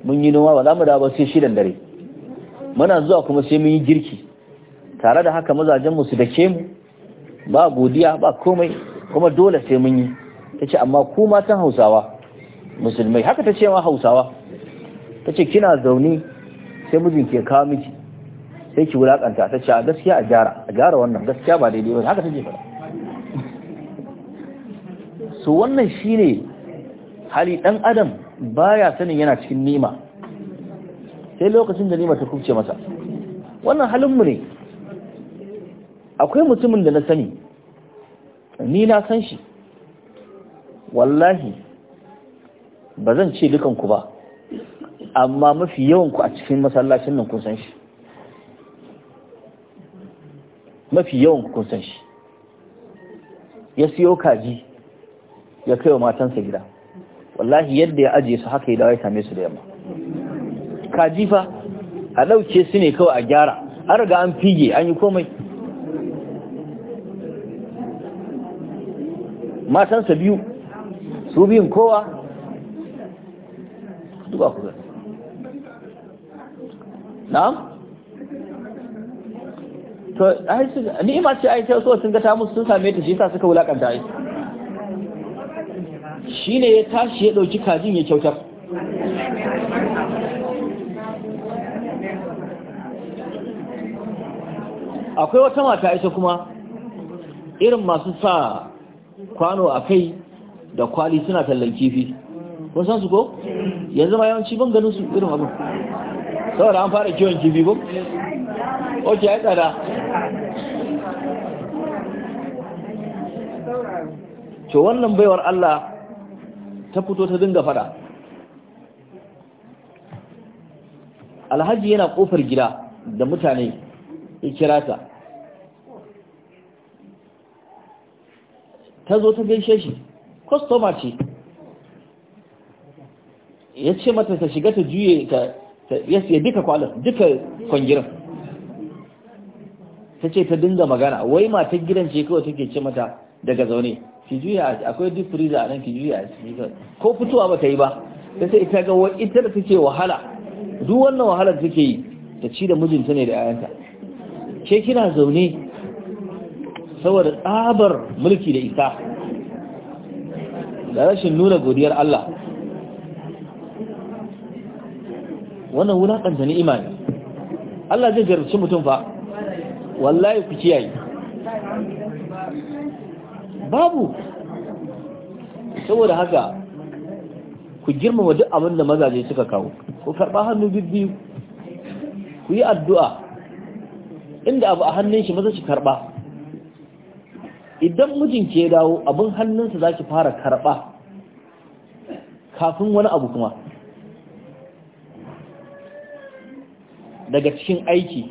mun yi noma ba za mu dawo sai shidan dare muna zuwa kuma sai mun yi girki tare da haka mazajenmu su da ke mu ba godiya ba komai kuma dole sai mun yi ta ce amma ku matan hausawa musulmai haka ta ce ma hausawa ta ce kina zaune sai mijin ke kawo miki sai ki wulakanta ta ce a gaskiya a gyara a gyara wannan gaskiya ba daidai ba haka ta jefa so wannan shine hali dan adam baya sanin yana cikin nima sai lokacin da nima ta kubce masa wannan halin mu ne akwai mutumin da na sani ni na san shi wallahi ba zan ce dukanku ba amma mafi yawan ku a cikin masallacin nan kun san shi mafi yawan kun shi ya siyo kaji ya kai wa matansa gida wallahi yadda ya ajiye su haka ya dawai same su da yamma kaji fa a ɗauke su ne kawai a gyara an riga an fige an yi komai matansa biyu su biyun kowa duba ku na'am to ai su ni'ima ce ai ta so sun ga ta musu sun same ta shi yasa suka wulakanta ai shine ya tashi ya dauki kajin ya kyautar akwai wata mata ita kuma irin masu sa kwano a kai da kwali suna tallan kifi kun san su ko yanzu ma yawanci ban ganin su irin abin saboda an fara kiwon kifi ko oke ya tsada to wannan baiwar Allah ta fito ta dinga fada alhaji yana kofar gida da mutane ya kira ta ta zo ta gaishe shi kwastoma ce ya ce mata ta shiga ta juye ya duka kwalar duka kwangirin ta ce ta dinga magana wai matar gidan ce kawai take ce mata daga zaune ki juya akwai duk freezer a nan ki juya ko fitowa ba ta yi ba ta ce ita ga wai ita da take wahala duk wannan wahalar take yi ta ci da mijinta ne da 'ya'yanta ke kina zaune saboda tsabar mulki da isa da rashin nuna godiyar Allah wannan wulaƙanta ni'ima ne Allah zai jarrace mutum fa wallahi ku kiyaye babu saboda haka ku girmama duk abin da mazaje suka kawo ku karɓa hannu biyu ku yi addu'a inda abu a hannun shi maza shi karɓa idan mijinki ya dawo abin hannunsa za ki fara karɓa kafin wani abu kuma daga cikin aiki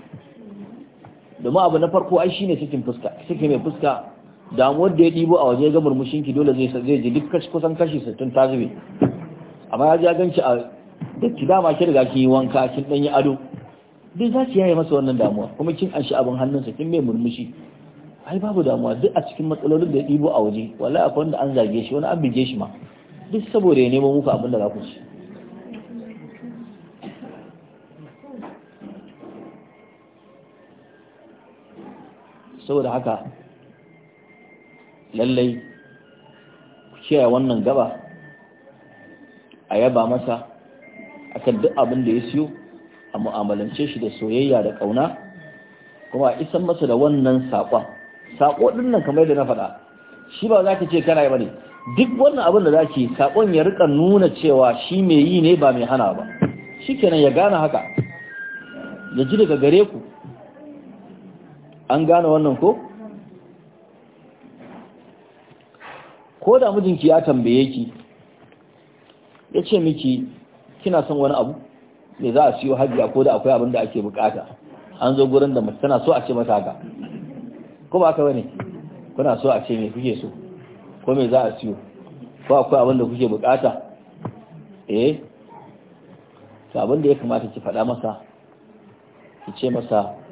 domin abu na farko ai shine sakin fuska cikin mai fuska damuwar da ya ɗibo a waje ga murmushin ki dole zai zai ji duk kashi kusan kashi 60 ta zube amma ya ji ya ganci a da ki dama ki riga ki yi wanka kin dan yi ado duk za ki yaye masa wannan damuwa kuma kin an shi abin hannunsa kin mai murmushi ai babu damuwa duk a cikin matsalolin da ya ɗibo a waje wallahi akwai wanda an zage shi wani an bige shi ma duk saboda ya nemo muku abin da za ku ci saboda haka lallai ku kiyaye wannan gaba a yaba masa akan duk abin da ya siyo a mu'amalance shi da soyayya da ƙauna kuma a isan masa da wannan saƙon saƙo ɗin nan kamar yadda na faɗa shi ba za ka ce kana yi ba ne duk wannan abin da za ki saƙon ya riƙa nuna cewa shi mai yi ne ba mai hana ba shi kenan ya gane haka ya ji daga gare ku an gane wannan ko ko da mijinki ya tambaye ki ya ce miki kina son wani abu ne za a siyo hajjiya ko da akwai abin da ake bukata an zo gurin da mace tana so a ce mata ga ko ba ka bane kuna so a ce me kuke so ko me za a siyo ko akwai abin da kuke bukata eh to abin da ya kamata ki faɗa masa ki ce masa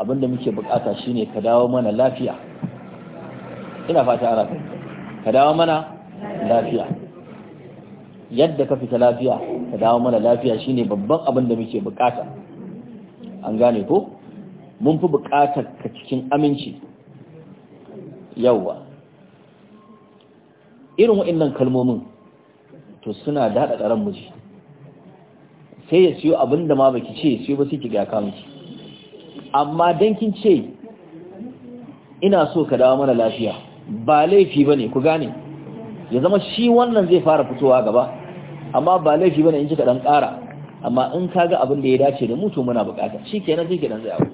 abinda muke bukata shine ka dawo mana lafiya ina fata ana ka dawo mana lafiya yadda ka fita lafiya ka dawo mana lafiya shine babban abin da muke bukata an gane ko mun fi bukatar ka cikin aminci yawwa irin waɗannan kalmomin to suna daɗa ɗaran miji sai ya siyo abin da ma baki ce siyo ba sai ki ga kamci amma dan kin ce ina so ka dawo mana lafiya ba laifi bane ku gane ya zama shi wannan zai fara fitowa gaba amma ba laifi bane in ka dan ƙara amma in ga abin da ya dace da mutu muna bukata shikenan zai ke dan zai abu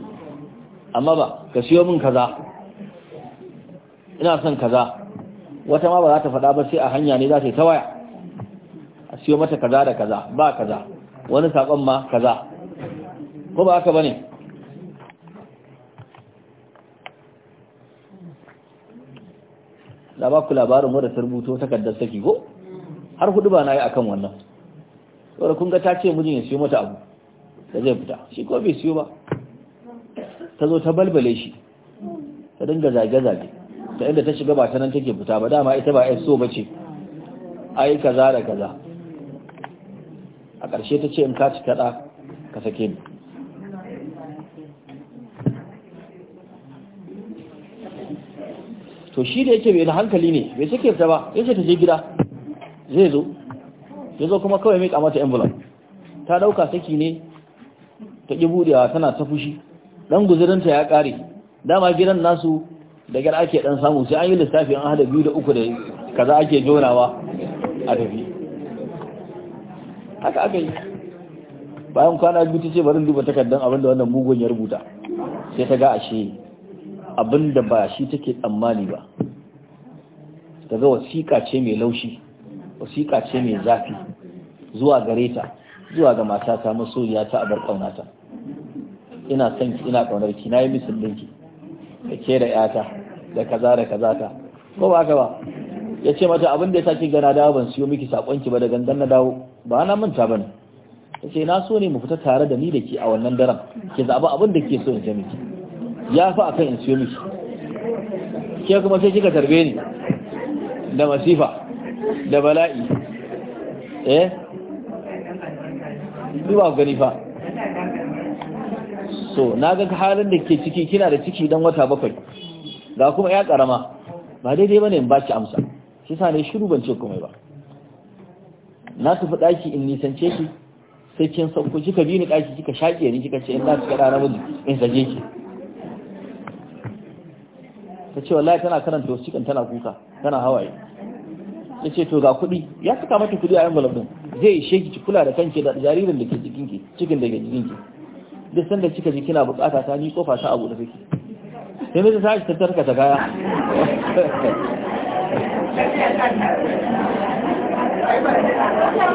amma ba ka siyo min kaza ina son kaza wata ma ba za ta faɗa ba sai a hanya ne za ta yi ta waya a siyo mata kaza da kaza ba kaza wani saƙon ma kaza ko ba haka ba ne na ba ku labarin wadda ta rubuto takardar saki ko har hudu ba na yi akan wannan saboda kun ga ta ce mijin ya siyo mata abu da zai fita shi ko bai siyo ba ta zo ta balbale shi ta dinga zage-zage ta inda ta shiga ba ta nan take fita ba dama ita ba so ba ce A yi kaza da kaza a ƙarshe ta ce in ka ci kaɗa ka sake ni to shi da yake bai da hankali ne bai sake ta ba yace ta je gida zai zo ya zo kuma kawai mai ta envelope ta dauka saki ne ta ki budewa tana ta fushi dan guzurinta ya kare dama gidan nasu da gar ake dan samu sai an yi lissafi an hada biyu da uku da kaza ake jonawa a tafi haka aka yi bayan kwana biyu ta ce barin duba takardar da wannan mugun ya rubuta sai ta ga ashe abin da ba shi take tsammani ba ta ga wasiƙa ce mai laushi wasiƙa ce mai zafi zuwa gare ta zuwa ga matata masoyiya ta abar ƙaunata ina son ki ina ƙaunar ki na yi misin ki da ke da yata da kaza da kaza ta ko ba haka ba ya ce mata abin da ya sake gana dawo ban siyo miki sakon ki ba da gangan na dawo ba na manta ba ne ya ce na so ne mu fita tare da ni da ke a wannan daren ki zaɓi abin da ke so in je miki ya fi a kan in siyo miki ke kuma sai kika tarbe ni da masifa da bala'i eh zuwa gani fa so na ga halin da ke ciki kina da ciki dan wata bakwai ga kuma ya karama ba daidai ne in baki amsa shi sa ne shiru ban ce komai ba na tafi daki in nisance ki sai kin sauko kika bi ni ɗaki kika shaƙe ni kika ce in za ki kada namiji in sake ki ta ce wallahi tana karanta wasu tana kuka tana hawaye ya ce to ga kuɗi ya saka mata kuɗi a yan din zai ishe ki kula da kanki da jaririn da ke jikinki cikin da ke jikinki duk sanda kika ji kina bukata ta ni kofa ta abu da kake sai mai ta ta tarka ta kaya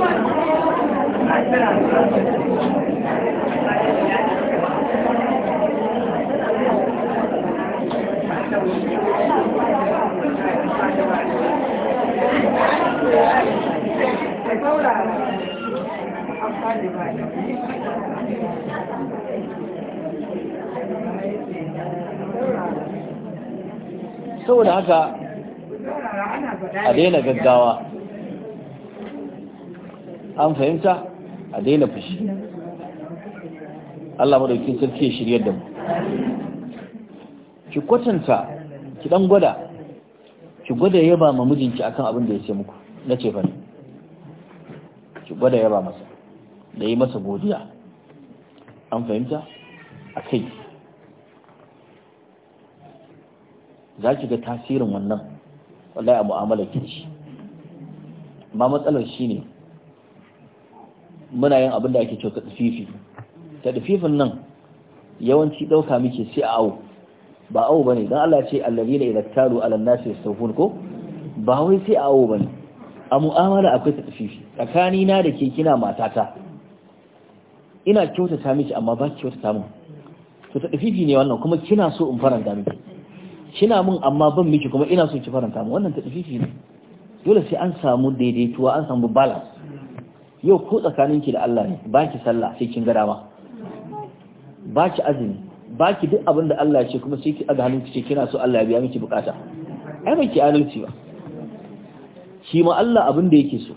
saboda haka a daina gaggawa an fahimta a daina fushi Allah madaukin sarki ya shirya da mu ki kwatanta ki dan gwada ki gwada yaba ma mijinki akan abin da ya ce muku na ce fa ki gwada yaba masa da yi masa godiya an fahimta a kai za ki ga tasirin wannan wallahi a mu'amalar ki shi amma matsalar shi ne muna yin abin da ake cewa tsififi ta tafifin nan yawanci ɗauka muke sai a awo ba awo bane dan Allah ce allazina idaktaru ala nasi yastawfun ko ba wai sai a awo bane a mu'amala akwai ta tafifi tsakani na da ke kina matata ina kyautata miki amma ba ki kyautata min to ta tafifi ne wannan kuma kina so in faranta miki kina mun amma ban miki kuma ina so ki faranta mu wannan tadfifi ne dole sai an samu daidaituwa an samu balance yau ko tsakaninki da Allah ne baki sallah sai kin ga dama baki azumi baki duk abin da Allah ya ce kuma sai ki ga hannunki ce kina so Allah ya biya miki bukata ai baki adalci ba shi ma Allah abin da yake so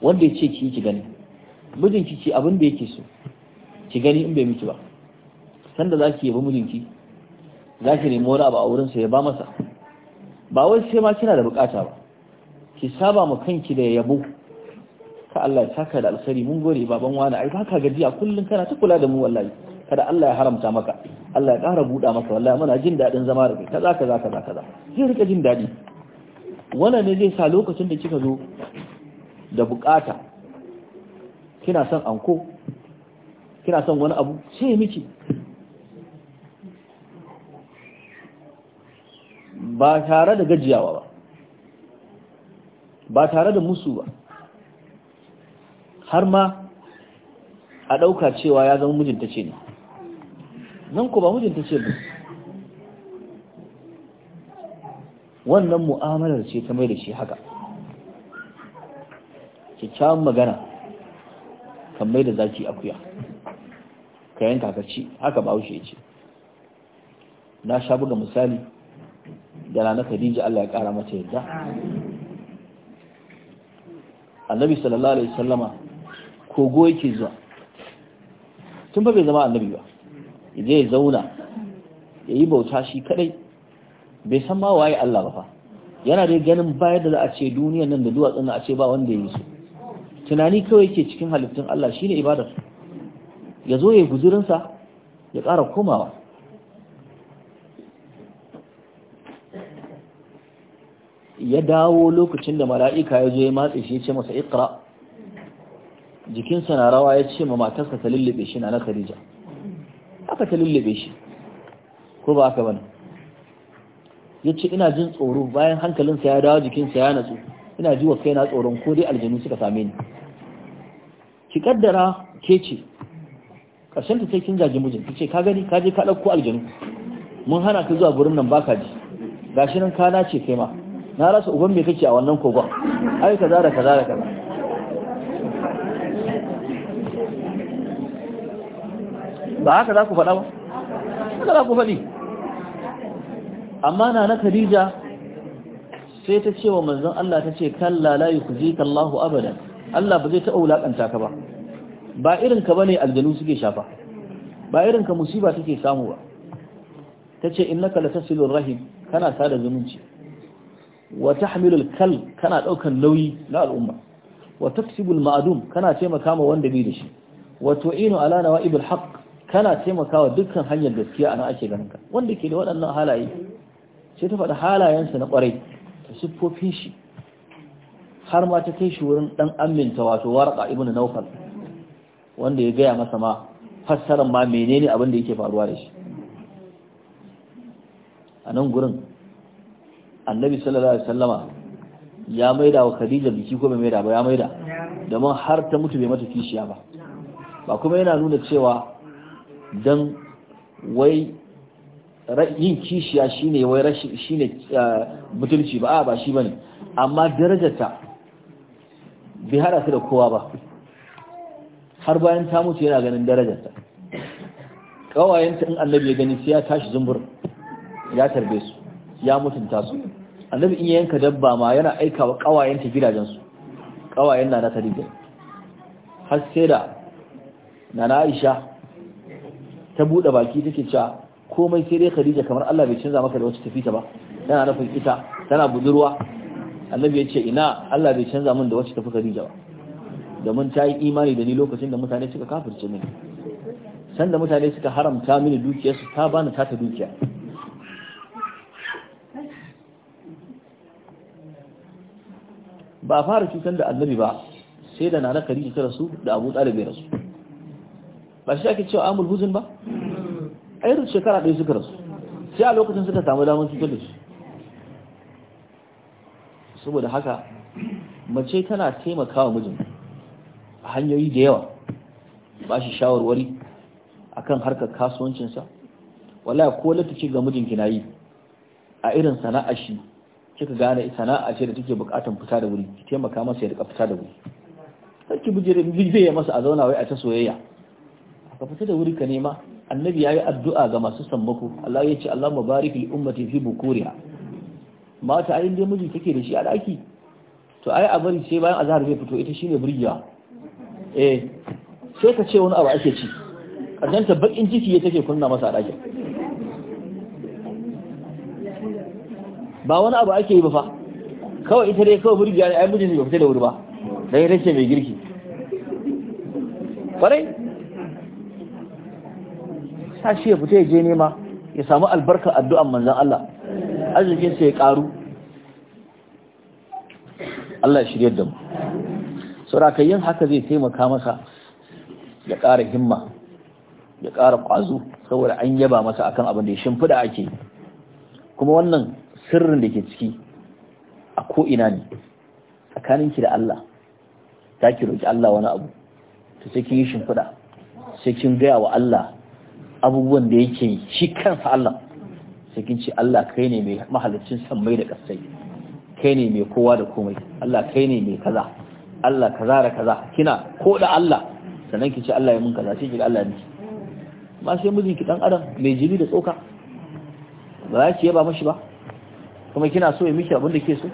wanda ya ce ki ki gani mijinki ki abin da yake so ki gani in bai miki ba sanda zaki yaba mijinki za ki nemi wani abu a wurin wurinsa ya ba masa ba wai sai ma kina da bukata ba ki saba ma kanki da yabo ka Allah ya saka da alkhairi mun gode baban wani ai baka gajiya kullun kana ta kula da mu wallahi kada Allah ya haramta maka Allah ya kara buɗa maka wallahi muna jin daɗin zama da kai kaza kaza kaza kaza zai rika jin daɗi wannan ne zai sa lokacin da kika zo da bukata kina son anko kina son wani abu sai miki ba tare da gajiyawa ba ba tare da musu ba har ma a ɗauka cewa ya zama mijinta ce ne nan ko ba mijinta ce ba wannan mu'amalar ce ta mai da shi haka kyakkyawan magana kan mai da zaki akuya ka yanka haka ba haushe ce na sha buga misali da rana Khadija Allah ya kara mata yadda annabi sallallahu alaihi wasallama kogo yake zuwa tun ba bai zama annabi ba idan ya zauna ya yi bauta shi kadai bai san ma waye Allah ba fa yana da ganin bayar da za a ce duniyar nan da duwatsun a ce ba wanda ya yi su tunani kawai yake cikin halittun Allah shine ibadar ya zo ya yi guzurinsa ya ƙara komawa ya dawo lokacin da mala'ika ya zo ya matse shi ya ce masa ikra jikinsa na rawa ya ce ma matarsa ta lullube shi na na khadija aka ta lullube shi ko ba aka bane ya ce ina jin tsoro bayan hankalinsa ya dawo jikinsa ya natsu ina ji wa kaina tsoron ko dai aljanu suka same ni ki kaddara ke ce ƙarshen ta sai kin gaji mijin ki ce ka gani ka je ka ɗauko aljanu mun hana ka zuwa gurin nan baka ji gashi nan kana ce kai ma na rasa uban me kake a wannan kogon ai kaza da kaza da kaza ba haka za ku faɗa ba haka za ku faɗi amma na na Khadija sai ta ce wa manzon Allah ta ce kalla la yukhzika Allahu abadan Allah ba zai taɓa wulakanta ka ba ba irin ka bane aljanu suke shafa ba irin ka musiba take samu ba tace innaka latasilur rahim kana sada zumunci Wata Hamilul kal kana daukan nauyi na al'umma Wata taksibul ma'dum kana taimaka ma wanda bai da shi wa tu'inu ala nawa'ibul haqq kana taimakawa dukkan hanyar gaskiya nan ake ganin ka wanda ke da waɗannan halaye sai ta faɗi halayensa na ƙwarai ta siffofin shi har ma ta kai shi wurin ɗan aminta wato warƙa ibn naufal wanda ya gaya masa ma fassaran ma menene abin da yake faruwa da shi a nan gurin annabi sallallahu alaihi wasallama ya maida wa khadija biki ko bai maida ba ya maida domin har ta mutu bai mata kishiya ba ba kuma yana nuna cewa dan wai yin kishiya shine wai shine eh, mutunci ba a ba shi bane amma darajarta bai hada su da kowa ba har bayan ta mutu yana ganin darajarta kawayenta in annabi ya gani sai ya tashi zumbur ya tarbe su ya mutunta su annabi in yanka dabba ma yana aika wa kawayen ta gidajen su kawayen na na Khadija har sai da na Aisha ta buɗe baki take cewa komai sai dai Khadija kamar Allah bai canza maka da wacce tafi ta ba Yana nufin ita tana budurwa annabi ya ce ina Allah bai canza min da wacce tafi Khadija ba domin ta yi imani da ni lokacin da mutane suka kafirce mini sanda mutane suka haramta mini dukiyarsu ta bani tata dukiya ba fara cutar da annabi ba sai da nana khadija ta rasu da abu talib da rasu ba shi ake cewa amul huzin ba a irin shekara ɗaya suka rasu sai a lokacin suka samu damar cutar da su saboda haka mace tana taimakawa mijin a hanyoyi da yawa ba shi shawarwari akan harkar kasuwancinsa wala ko latace ga mijinki na yi a irin sana'a shi kika gane sana'a ce da take bukatan fita da wuri ki taimaka masa ya rika fita da wuri kar ki bijire bijire masa a zauna wai a ta soyayya ka fita da wuri ka nema annabi yayi addu'a ga masu sammako Allah ya ce Allah mubarik li ummati fi bukuriha mata ayin da miji take da shi a daki to ai a bari sai bayan azhar zai fito ita shine burgewa eh sai ka ce wani abu ake ci ta bakin jiki ya take kunna masa a daki ba wani abu ake yi ba fa kawai ita dai kawai burgiya ne ai mijin ba fita da wuri ba dai race mai girki kwarai ta shi ya fita ya je nema ya samu albarka addu'an manzan Allah arzikinsa ya ƙaru Allah ya shirya da mu yin haka zai taimaka masa ya ƙara himma ya ƙara ƙwazo saboda an yaba masa akan abin da ya shimfida ake kuma wannan sirrin da ke ciki a ko'ina ne tsakaninki da Allah ta ki roƙi Allah wani abu to sai kin yi shimfiɗa sai kin gaya wa Allah abubuwan da yake yi shi kansa Allah sai kin ce Allah kai ne mai mahalicin sammai da ƙasai kai ne mai kowa da komai Allah kai ne mai kaza Allah kaza da kaza kina ko da Allah sannan ki ce Allah ya mun kaza sai ki da Allah ne ma sai mijinki dan adam mai jini da tsoka ba za ki yaba mashi ba kuma kina so ya miki abin da ke so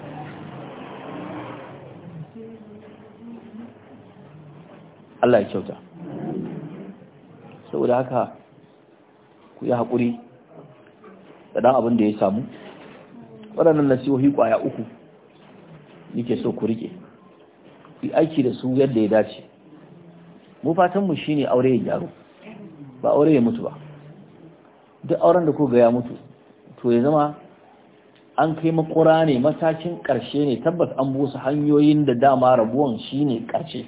Allah ya kyauta saboda haka ku yi haƙuri da ɗan abin da ya samu waɗannan nasihohi ƙwaya uku nike so ku riƙe ku aiki da su yadda ya dace mu fatanmu shi ne aure ya gyaru ba aure ya mutu ba duk auren da ku ga ya mutu to ya zama an kai makura ne matakin ƙarshe ne tabbas an busa hanyoyin da dama rabuwan shi ne ƙarshe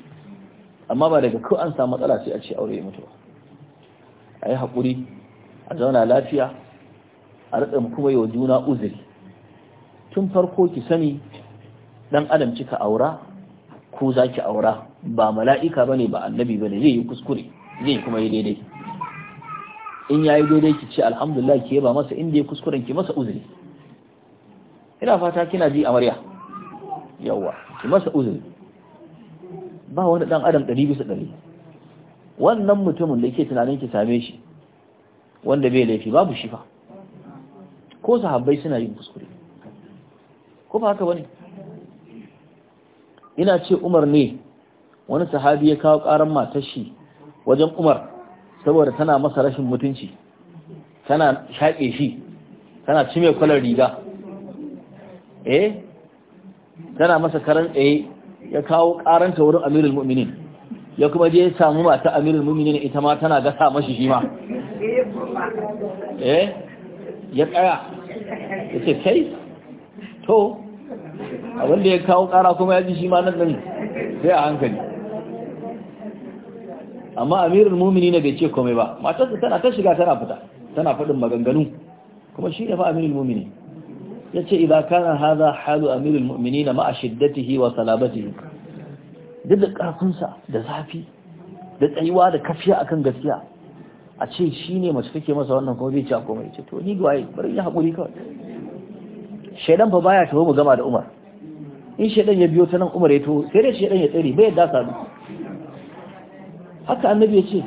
amma ba daga kawai an samu matsala sai a ce aure mutu a yi haƙuri a zauna lafiya a mu kuma yau juna uzuri tun farko ki sani ɗan adam kika aura ko za ki aura ba mala'ika ba ne ba annabi ba ne zai yi kuskure zai kuma yi daidai in ya yi daidai ki ce alhamdulillah ki yaba masa inda ya kuskuren ki masa uzuri ina fata kina ji amarya yawa ki masa uzuri ba wani dan adam ɗari bisa ɗari wannan mutumin da yake tunanin ki same shi wanda bai laifi babu shifa. ko sahabbai suna yin kuskure ko ba haka bane ina ce Umar ne wani sahabi ya kawo karan matar shi wajen Umar saboda tana masa rashin mutunci tana shaƙe shi tana cime kwalar riga eh tana masa karan eh ya kawo karanta wurin amirul mu'minin ya kuma je ya samu mata amirul mu'minin ita ma tana gasa mashi shi ma eh ya tsaya ya ce kai to abinda ya kawo kara kuma ya ji shi ma nan nan sai a hankali amma amirul mu'minin bai ce komai ba matarsa tana ta shiga tana fita tana faɗin maganganu kuma shi ne fa amirul mu'minin yace idza kana hadha halu amirul mu'minin ma'a shiddatihi wa salabatihi duk da karfinsa da zafi da tsayuwa da kafiya akan gaskiya a ce shine mace take masa wannan kuma zai ci komai ce to ni ga gwaye bari ya hakuri kawai shedan fa baya tawo mu gama da Umar in shedan ya biyo ta nan Umar ya to sai dai shedan ya tsare bai yadda sadu haka annabi ya ce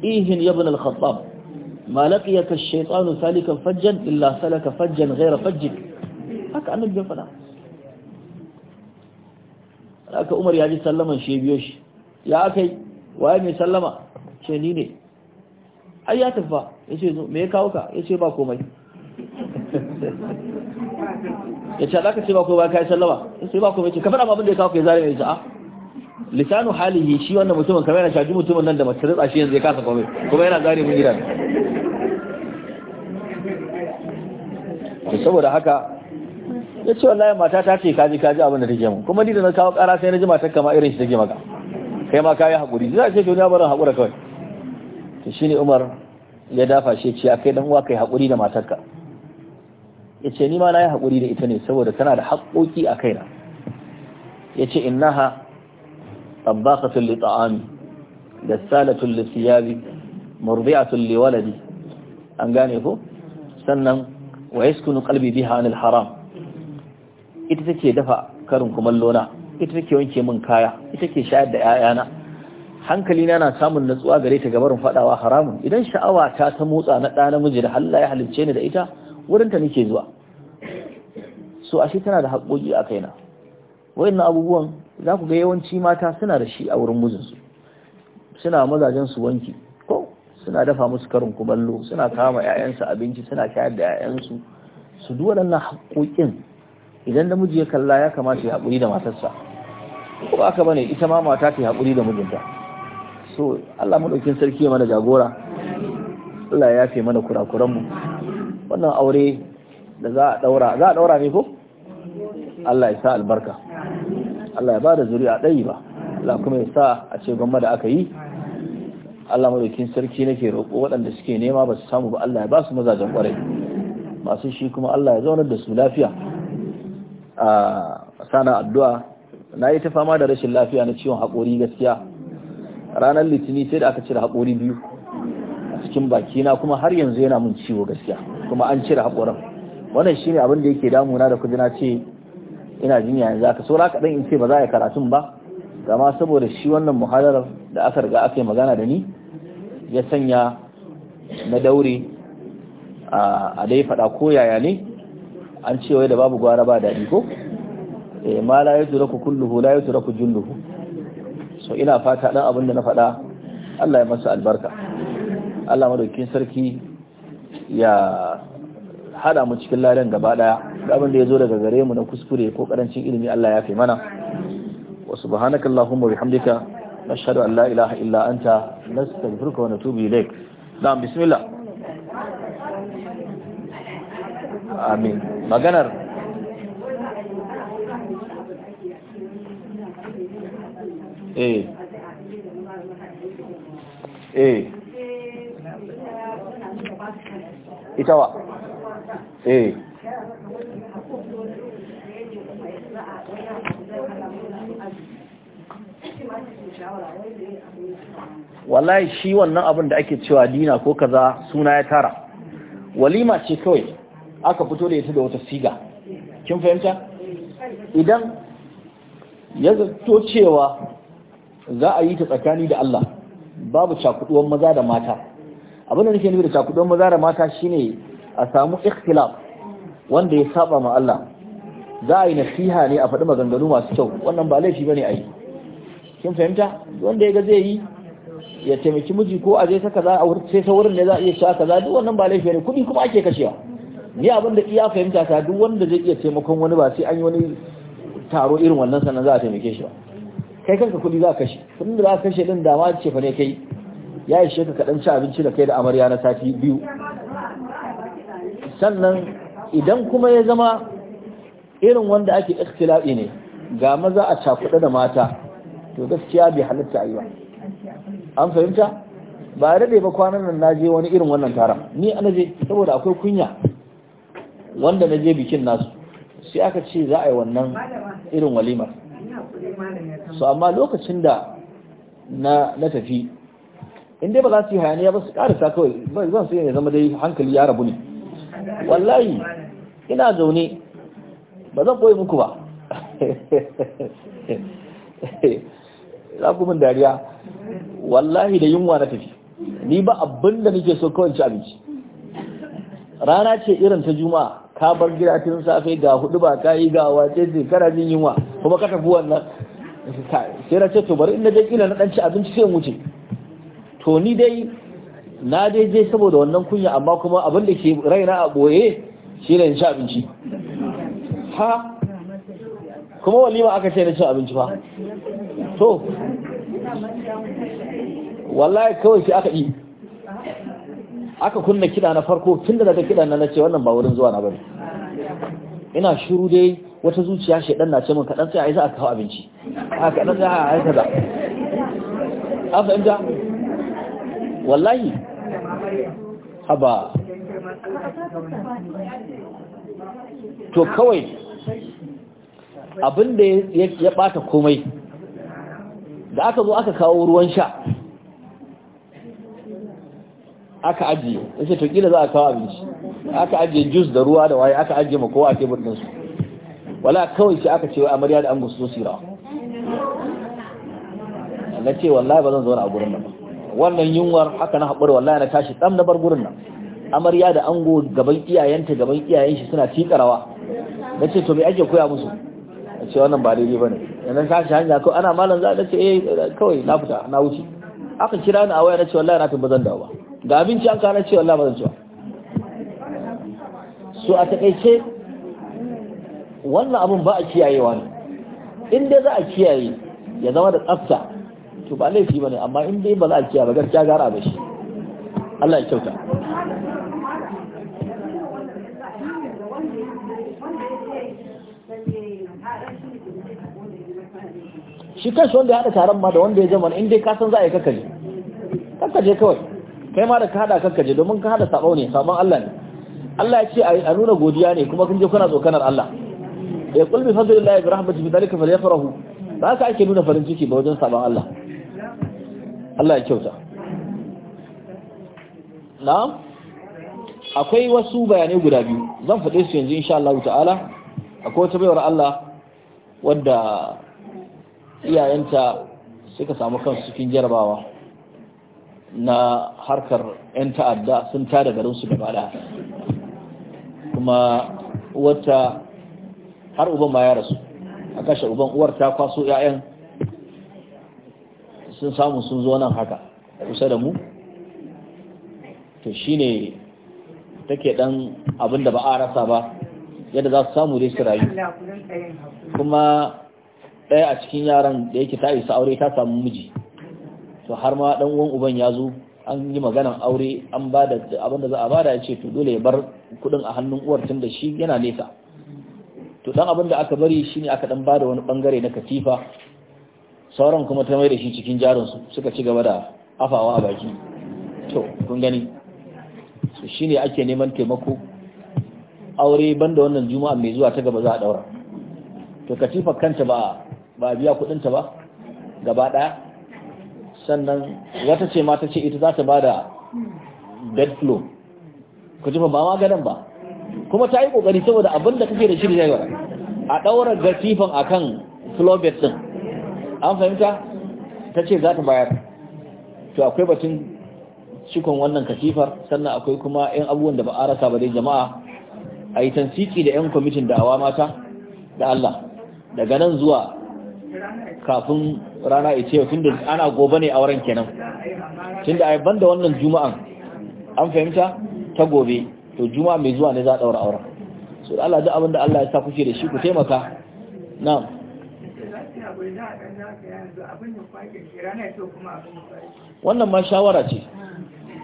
ihin ibn al-khattab ma laqiyaka ash-shaytanu salikan fajjan illa salaka fajjan ghayra fajjik haka annabi ya faɗa haka Umar ya ji sallaman shi biyo shi ya akai waye mai sallama ce ni ne ai ya tafa yace zo me ya kawo ka yace ba komai yace da ka ce ba komai kai sallama yace ba komai ce ka faɗa ma abin da ya kawo kai zare mai ja'a lisanu halihi shi wannan mutumin kamar yana shaji mutumin nan da mace ritsa yanzu ya kasa komai kuma yana zare mun gidan to saboda haka ya ce wallahi mata ta ce kaji kaji abin da take mu kuma ni da na kawo kara sai na ji matar kama irin shi take maka kai ma kayi hakuri za ce to ni barin hakura kawai to shine Umar ya dafa shi ce akai dan uwa kai hakuri da matarka ce ni ma na yi hakuri da ita ne saboda tana da haƙoƙi a kaina ya yace innaha tabbaqatun li da dasalatun li siyabi a li waladi an gane ko sannan wa yaskunu qalbi biha anil haram ita take dafa karin kumallona ita take wanke min kaya ita take shayar da 'ya'yana hankali na na samun natsuwa gare ta gabarin fadawa haramun idan sha'awa ta ta motsa na ɗa namiji da Allah ya halicce ni da ita wurin ta nake zuwa so ashe tana da haƙoƙi a kaina wayannan abubuwan za ku ga yawanci mata suna da shi a wurin mijinsu suna mazajen su wanki suna dafa musu karin kuballo suna kama 'ya'yansu abinci suna shayar da ƴaƴansu su duk waɗannan haƙoƙin idan miji ya kalla ya kamata ya haƙuri da matarsa ko aka bane ita ma mata ta haƙuri da mijinta so Allah madaukin sarki ya mana jagora Allah ya yafe mana kurakuran mu wannan aure da za a daura za a daura ne ko Allah ya sa albarka Allah ya bada zuri'a ɗayi ba Allah kuma ya sa a ce gwamma da aka yi Allah madaukin sarki nake roƙo waɗanda suke nema ba su samu ba Allah ya ba su mazajen ƙwarai masu shi kuma Allah ya zaunar da su lafiya a sana addu'a na yi ta fama da rashin lafiya na ciwon haƙori gaskiya ranar litini sai da aka cire haƙori biyu a cikin na kuma har yanzu yana mun ciwo gaskiya kuma an cire haƙorin wannan shine abin da yake damuna da kujina ce ina jinya yanzu aka saura kaɗan in ce ba za a yi karatun ba gama saboda shi wannan muhadarar da aka riga aka yi magana da ni ya sanya na daure a dai faɗa ko yaya ne an ce wai da babu gwara ba daɗi ko eh, ma la yatura ku kulluhu la yatura ku julluhu so ina fata ɗan abin da na faɗa Allah ya masa albarka Allah madaukin sarki ya hada mu cikin ladan gaba daya da abin da ya zo daga gare mu na kuskure ko karancin ilimi Allah ya fi mana wa subhanaka allahumma bihamdika nashhadu an la ilaha illa anta nastaghfiruka wa natubu ilaik na'am bismillah amin maganar eh eh ita eh. wallahi shi wannan abin da ake cewa dina ko kaza suna ya tara walima ce kawai aka fito da ita da wata siga kin fahimta idan ya zato cewa za a yi ta tsakani da Allah babu cakuduwan maza da mata abin da nake nufi da cakuduwan maza da mata shine a samu ikhtilaf wanda ya saba ma Allah za a yi nasiha ne a faɗi maganganu masu kyau wannan ba laifi bane a yi kin fahimta wanda ya ga zai yi ya taimaki miji ko a je ta kaza a wurin sai saurin ne za a iya shaka kaza duk wannan ba laifi ne kuɗi kuma ake kashewa ni abin da iya fahimta ta duk wanda zai iya taimakon wani ba sai an yi wani taro irin wannan sannan za a taimake shi ba kai kanka kuɗi za a kashe Kun da za a kashe din dama ce fa ne kai ya ishe ka kaɗan ci abinci da kai da amarya na sati biyu sannan idan kuma ya zama irin wanda ake ikhtilafi ne ga maza a cakuɗa da mata to gaskiya bai halitta a yi ba an fahimta ba daɗe ba kwanan nan na je wani irin wannan taron ni ana je saboda akwai kunya wanda na je bikin nasu sai aka ce za a yi wannan irin walimar su amma lokacin da na tafi dai ba za su yi hayaniya ba su karisa kawai zan sai ya zama dai hankali ya rabu ne wallahi ina zaune ba zan koyi muku ba min dariya wallahi da yunwa na tafi ni ba abin da nake so kawance abinci rana ce irin ta juma'a ka bar gida tun safe ga hudu ba ka yi ga wace ce kana jin yunwa kuma ka tafi wannan sai na ce to bari inda dai kila na dan ci abinci sai wuce to ni dai na dai je saboda wannan kunya amma kuma abin da ke raina a boye shi ne ci abinci ha kuma walima aka ce na ci abinci ba to wallahi kawai shi aka yi aka kunna kida na farko tun da daga kida na nace wannan ba wurin zuwa na bane ina shiru dai wata zuciya shedan na ce min kaɗan sai a yi za a kawo abinci a kaɗan za a yi kaza a fahimta wallahi haba to kawai abin da ya ɓata komai da aka zo aka kawo ruwan sha aka ajiye yace to kila za a kawo abinci aka ajiye juice da ruwa da waye aka ajiye ma kowa a tebur din su wala kawai sai aka ce wa amarya da angus su sira na ce wallahi ba zan zauna a gurin nan ba wannan yunwar haka na haƙura wallahi na tashi tsam na bar gurin nan amarya da ango gaban iyayenta gaban iyayen shi suna tikarawa na ce to me ake koya musu ce wannan ba daidai ba ne yanzu ka shi hanya ko ana malam za a ce eh kawai na fita na wuce aka kira ni a waya na ce wallahi na tabbazan zan dawo ba ga abinci an kana ce wallahi ba zan ciwa. Su a takaice wannan abun ba a kiyayewa ne in dai za a kiyaye ya zama da tsafta to ba laifi ba ne amma in dai ba za a kiyaye ba gaskiya gara ba shi Allah ya kyauta shi kanshi wanda ya haɗa taron ma da wanda ya jama in dai ka san za a yi kakaje? Kakaje kawai kai ma da ka haɗa kakaje domin ka haɗa saɓo ne saɓon Allah ne Allah ya ce a nuna godiya ne kuma kun je kuna tsokanar Allah ya kulbi fadlillahi bi rahmatihi bi dalika falyafrahu ba ka ake nuna farin ciki ba wajen sabon Allah Allah ya kyauta na'am akwai wasu bayanai guda biyu zan faɗe su yanzu insha Allah ta'ala akwai wata baiwar Allah wadda iyayenta suka samu kansu cikin jarabawa na harkar 'yan ta'adda sun tada garinsu gaba da kuma wata har uban ma ya rasu a kashe uban uwar ta kwaso 'ya'yan sun samu sun zo nan haka kusa da mu to shine take dan abin da ba a rasa ba yadda za su samu dai su rayu kuma ɗaya a cikin yaran da yake ta isa aure ta samu miji to har ma dan uwan uban ya zo an yi maganan aure an ba da abin da za a bada ya ce to dole ya bar kuɗin a hannun uwar tun da shi yana nesa to dan abin da aka bari shine aka dan bada wani bangare na katifa sauran kuma ta mai da shi cikin jarinsu suka ci gaba da afawa a baki to kun gani so shine ake neman taimako aure banda wannan juma'a mai zuwa ta gaba za a daura to katifa kanta ba ba biya ta ba gaba daya sannan wata ce mata ce ita za ta bada bed flow ku ji ba maganin ba kuma ta yi kokari saboda abinda da kake da shi da yawa a daura gatifan akan flow bed din an fahimta ta ce za ta bayar to akwai batun cikon wannan katifar sannan akwai kuma 'yan abubuwan da ba a rasa ba dai jama'a a yi tansiki da 'yan kwamitin da'awa mata da Allah daga nan zuwa kafin rana ya ce tunda ana gobe ne auren kenan tunda ai banda wannan juma'an an fahimta ta gobe to juma'a mai zuwa ne za a daura auren so Allah duk abin Allah ya sa kuke da shi ku taimaka na'am wannan ma shawara ce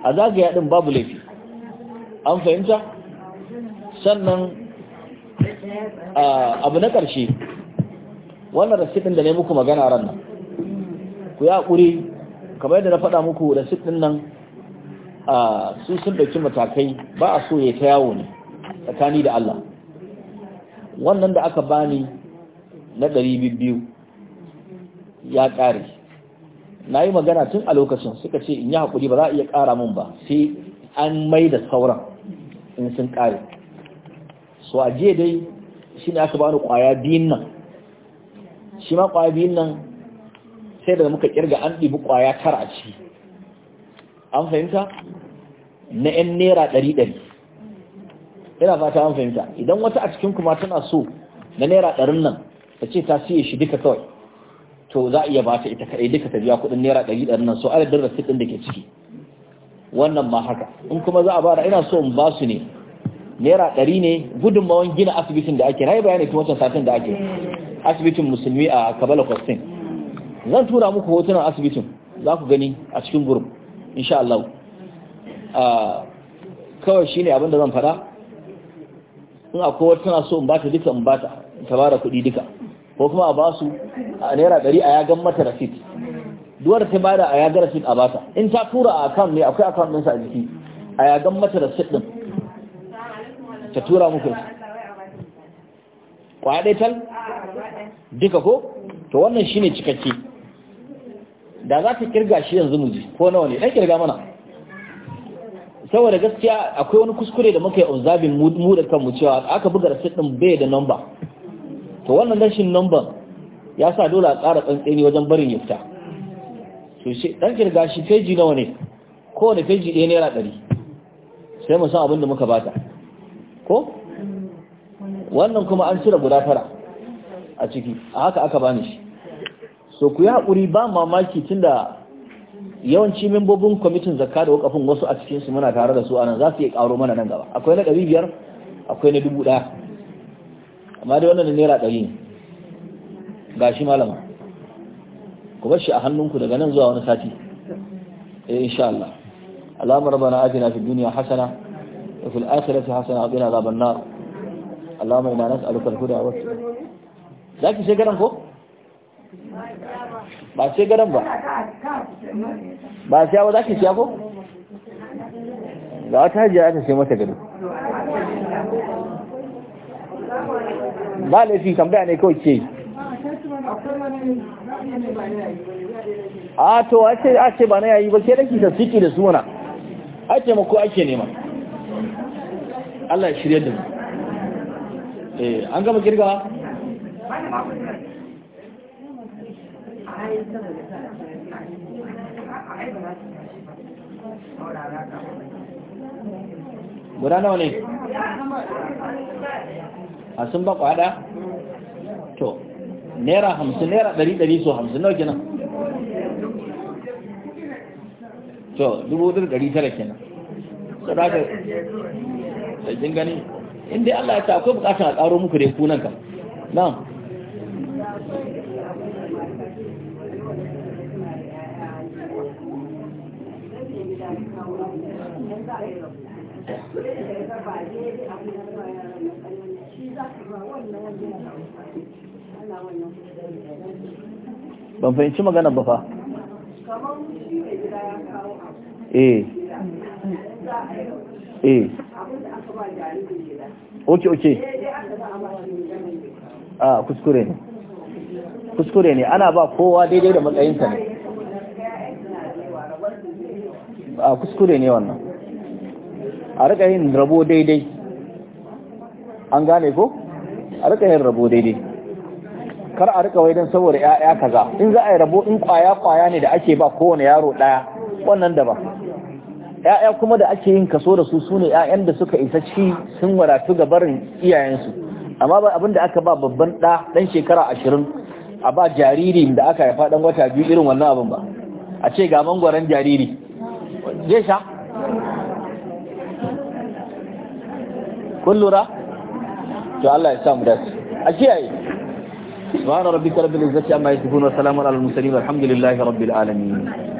a zagaya din babu laifi an fahimta sannan abu na ƙarshe wannan rasit da ne muku magana ran nan ku ya hakuri kamar yadda na faɗa muku rasit nan a su sun dauki matakai ba a so ya ta yawo ne tsakani da Allah wannan da aka bani na ɗari biyu ya ƙare na yi magana tun a lokacin suka ce in yi haƙuri ba za a iya ƙara min ba sai an mai da sauran in sun ƙare so a jiya dai shi ne aka bani kwaya biyun nan shi ma ƙwaya biyun nan sai da muka kirga an ɗibi ƙwaya tara a ciki an fahimta na 'yan naira ɗari ɗari ina fata an fahimta idan wata a cikin kuma tana so na naira ɗarin nan ta ce ta siye shi duka kawai to za a iya ba ta ita kaɗai duka ta biya kuɗin naira ɗari ɗarin nan so adadin rasit ɗin da ke ciki wannan ma haka in kuma za a ba da ina so in ba su ne naira ɗari ne gudunmawan gina asibitin da ake na yi bayani kuma wancan satin da ake asibitin musulmi a kabala kwastin zan tura muku hotunan asibitin za ku gani a cikin gurum insha Allah kawai shine abin da zan fada in akwai wata tana so in ba ta duka in ba ta ba da kuɗi duka ko kuma a ba su a naira ɗari a yagan mata rasit duwar ta bada a yagan rasit a bata in ta tura a akan ne akwai akan ɗinsa a jiki a yagan mata rasit ɗin ta tura muku rasit kwaɗe ɗaya tal duka ko to wannan shine cikakke da za ta kirga shi yanzu mu ji ko nawa ne ɗan kirga mana saboda gaskiya akwai wani kuskure da muka yi unzabin mu da kanmu cewa aka buga rasit ɗin bai da number. to wannan rashin number ya sa dole a tsara tsantseni wajen barin fita. to shi ɗan kirga shi feji nawa ne kowane feji ɗaya naira ɗari sai mu san abin da muka bata ko wannan kuma an cire guda tara a ciki a haka aka bani shi so ku yi haƙuri ba mamaki tunda yawanci membobin kwamitin zakka da wakafin wasu a cikinsu muna tare da su anan za su iya ƙaro mana nan gaba akwai na ɗari biyar akwai na dubu ɗaya amma dai wannan naira ɗari ne. ga shi malama ku bar shi a hannunku daga nan zuwa wani sati eh insha Allah alamar bana ajina fi duniya hasana wa fil akhirati hasana wa qina adhaban nar Allahumma inna nas'aluka al-huda wa za ki sai garan ko ba sai garan ba ba sai ba za ki siya ko ga wata hajiya aka sai mata gado ba laifi tambaya ne kawai ce. a to a ce a ce ba na yayi ba ke dake tafsiki da suna a ce mako ake nema Allah ya shirye da mu eh an gama girga guda nawa ne a sun ba kwada to naira hamsin naira ɗari ɗari so hamsin nawa kenan to dubu ɗari tara kenan sadaka da kin gani in dai Allah ya ta akwai bukatar a ƙaro muku dai kunan kam na ban fahimci magana ba fa eh eh oke oke a kuskure ne kuskure ne ana ba kowa daidai da matsayinsa ne a kuskure ne wannan a rika yin rabo daidai an gane ko a rika yin rabo daidai kar a rika wai don saboda 'ya'ya kaza in za a yi rabo in kwaya kwaya ne da ake ba kowane yaro ɗaya wannan daban ya'ya kuma da ake yin kaso da su sune ya'yan da suka isa ci sun wadatu ga barin iyayensu amma ba da aka ba babban ɗa dan shekara ashirin a ba jariri da aka haifa dan wata biyu irin wannan abin ba a ce ga mangwaron jariri zai sha kun lura to Allah ya sa mu dace a ce kiyaye subhana rabbika rabbil izzati amma yasifun wa salamun alal mursalin walhamdulillahi rabbil alamin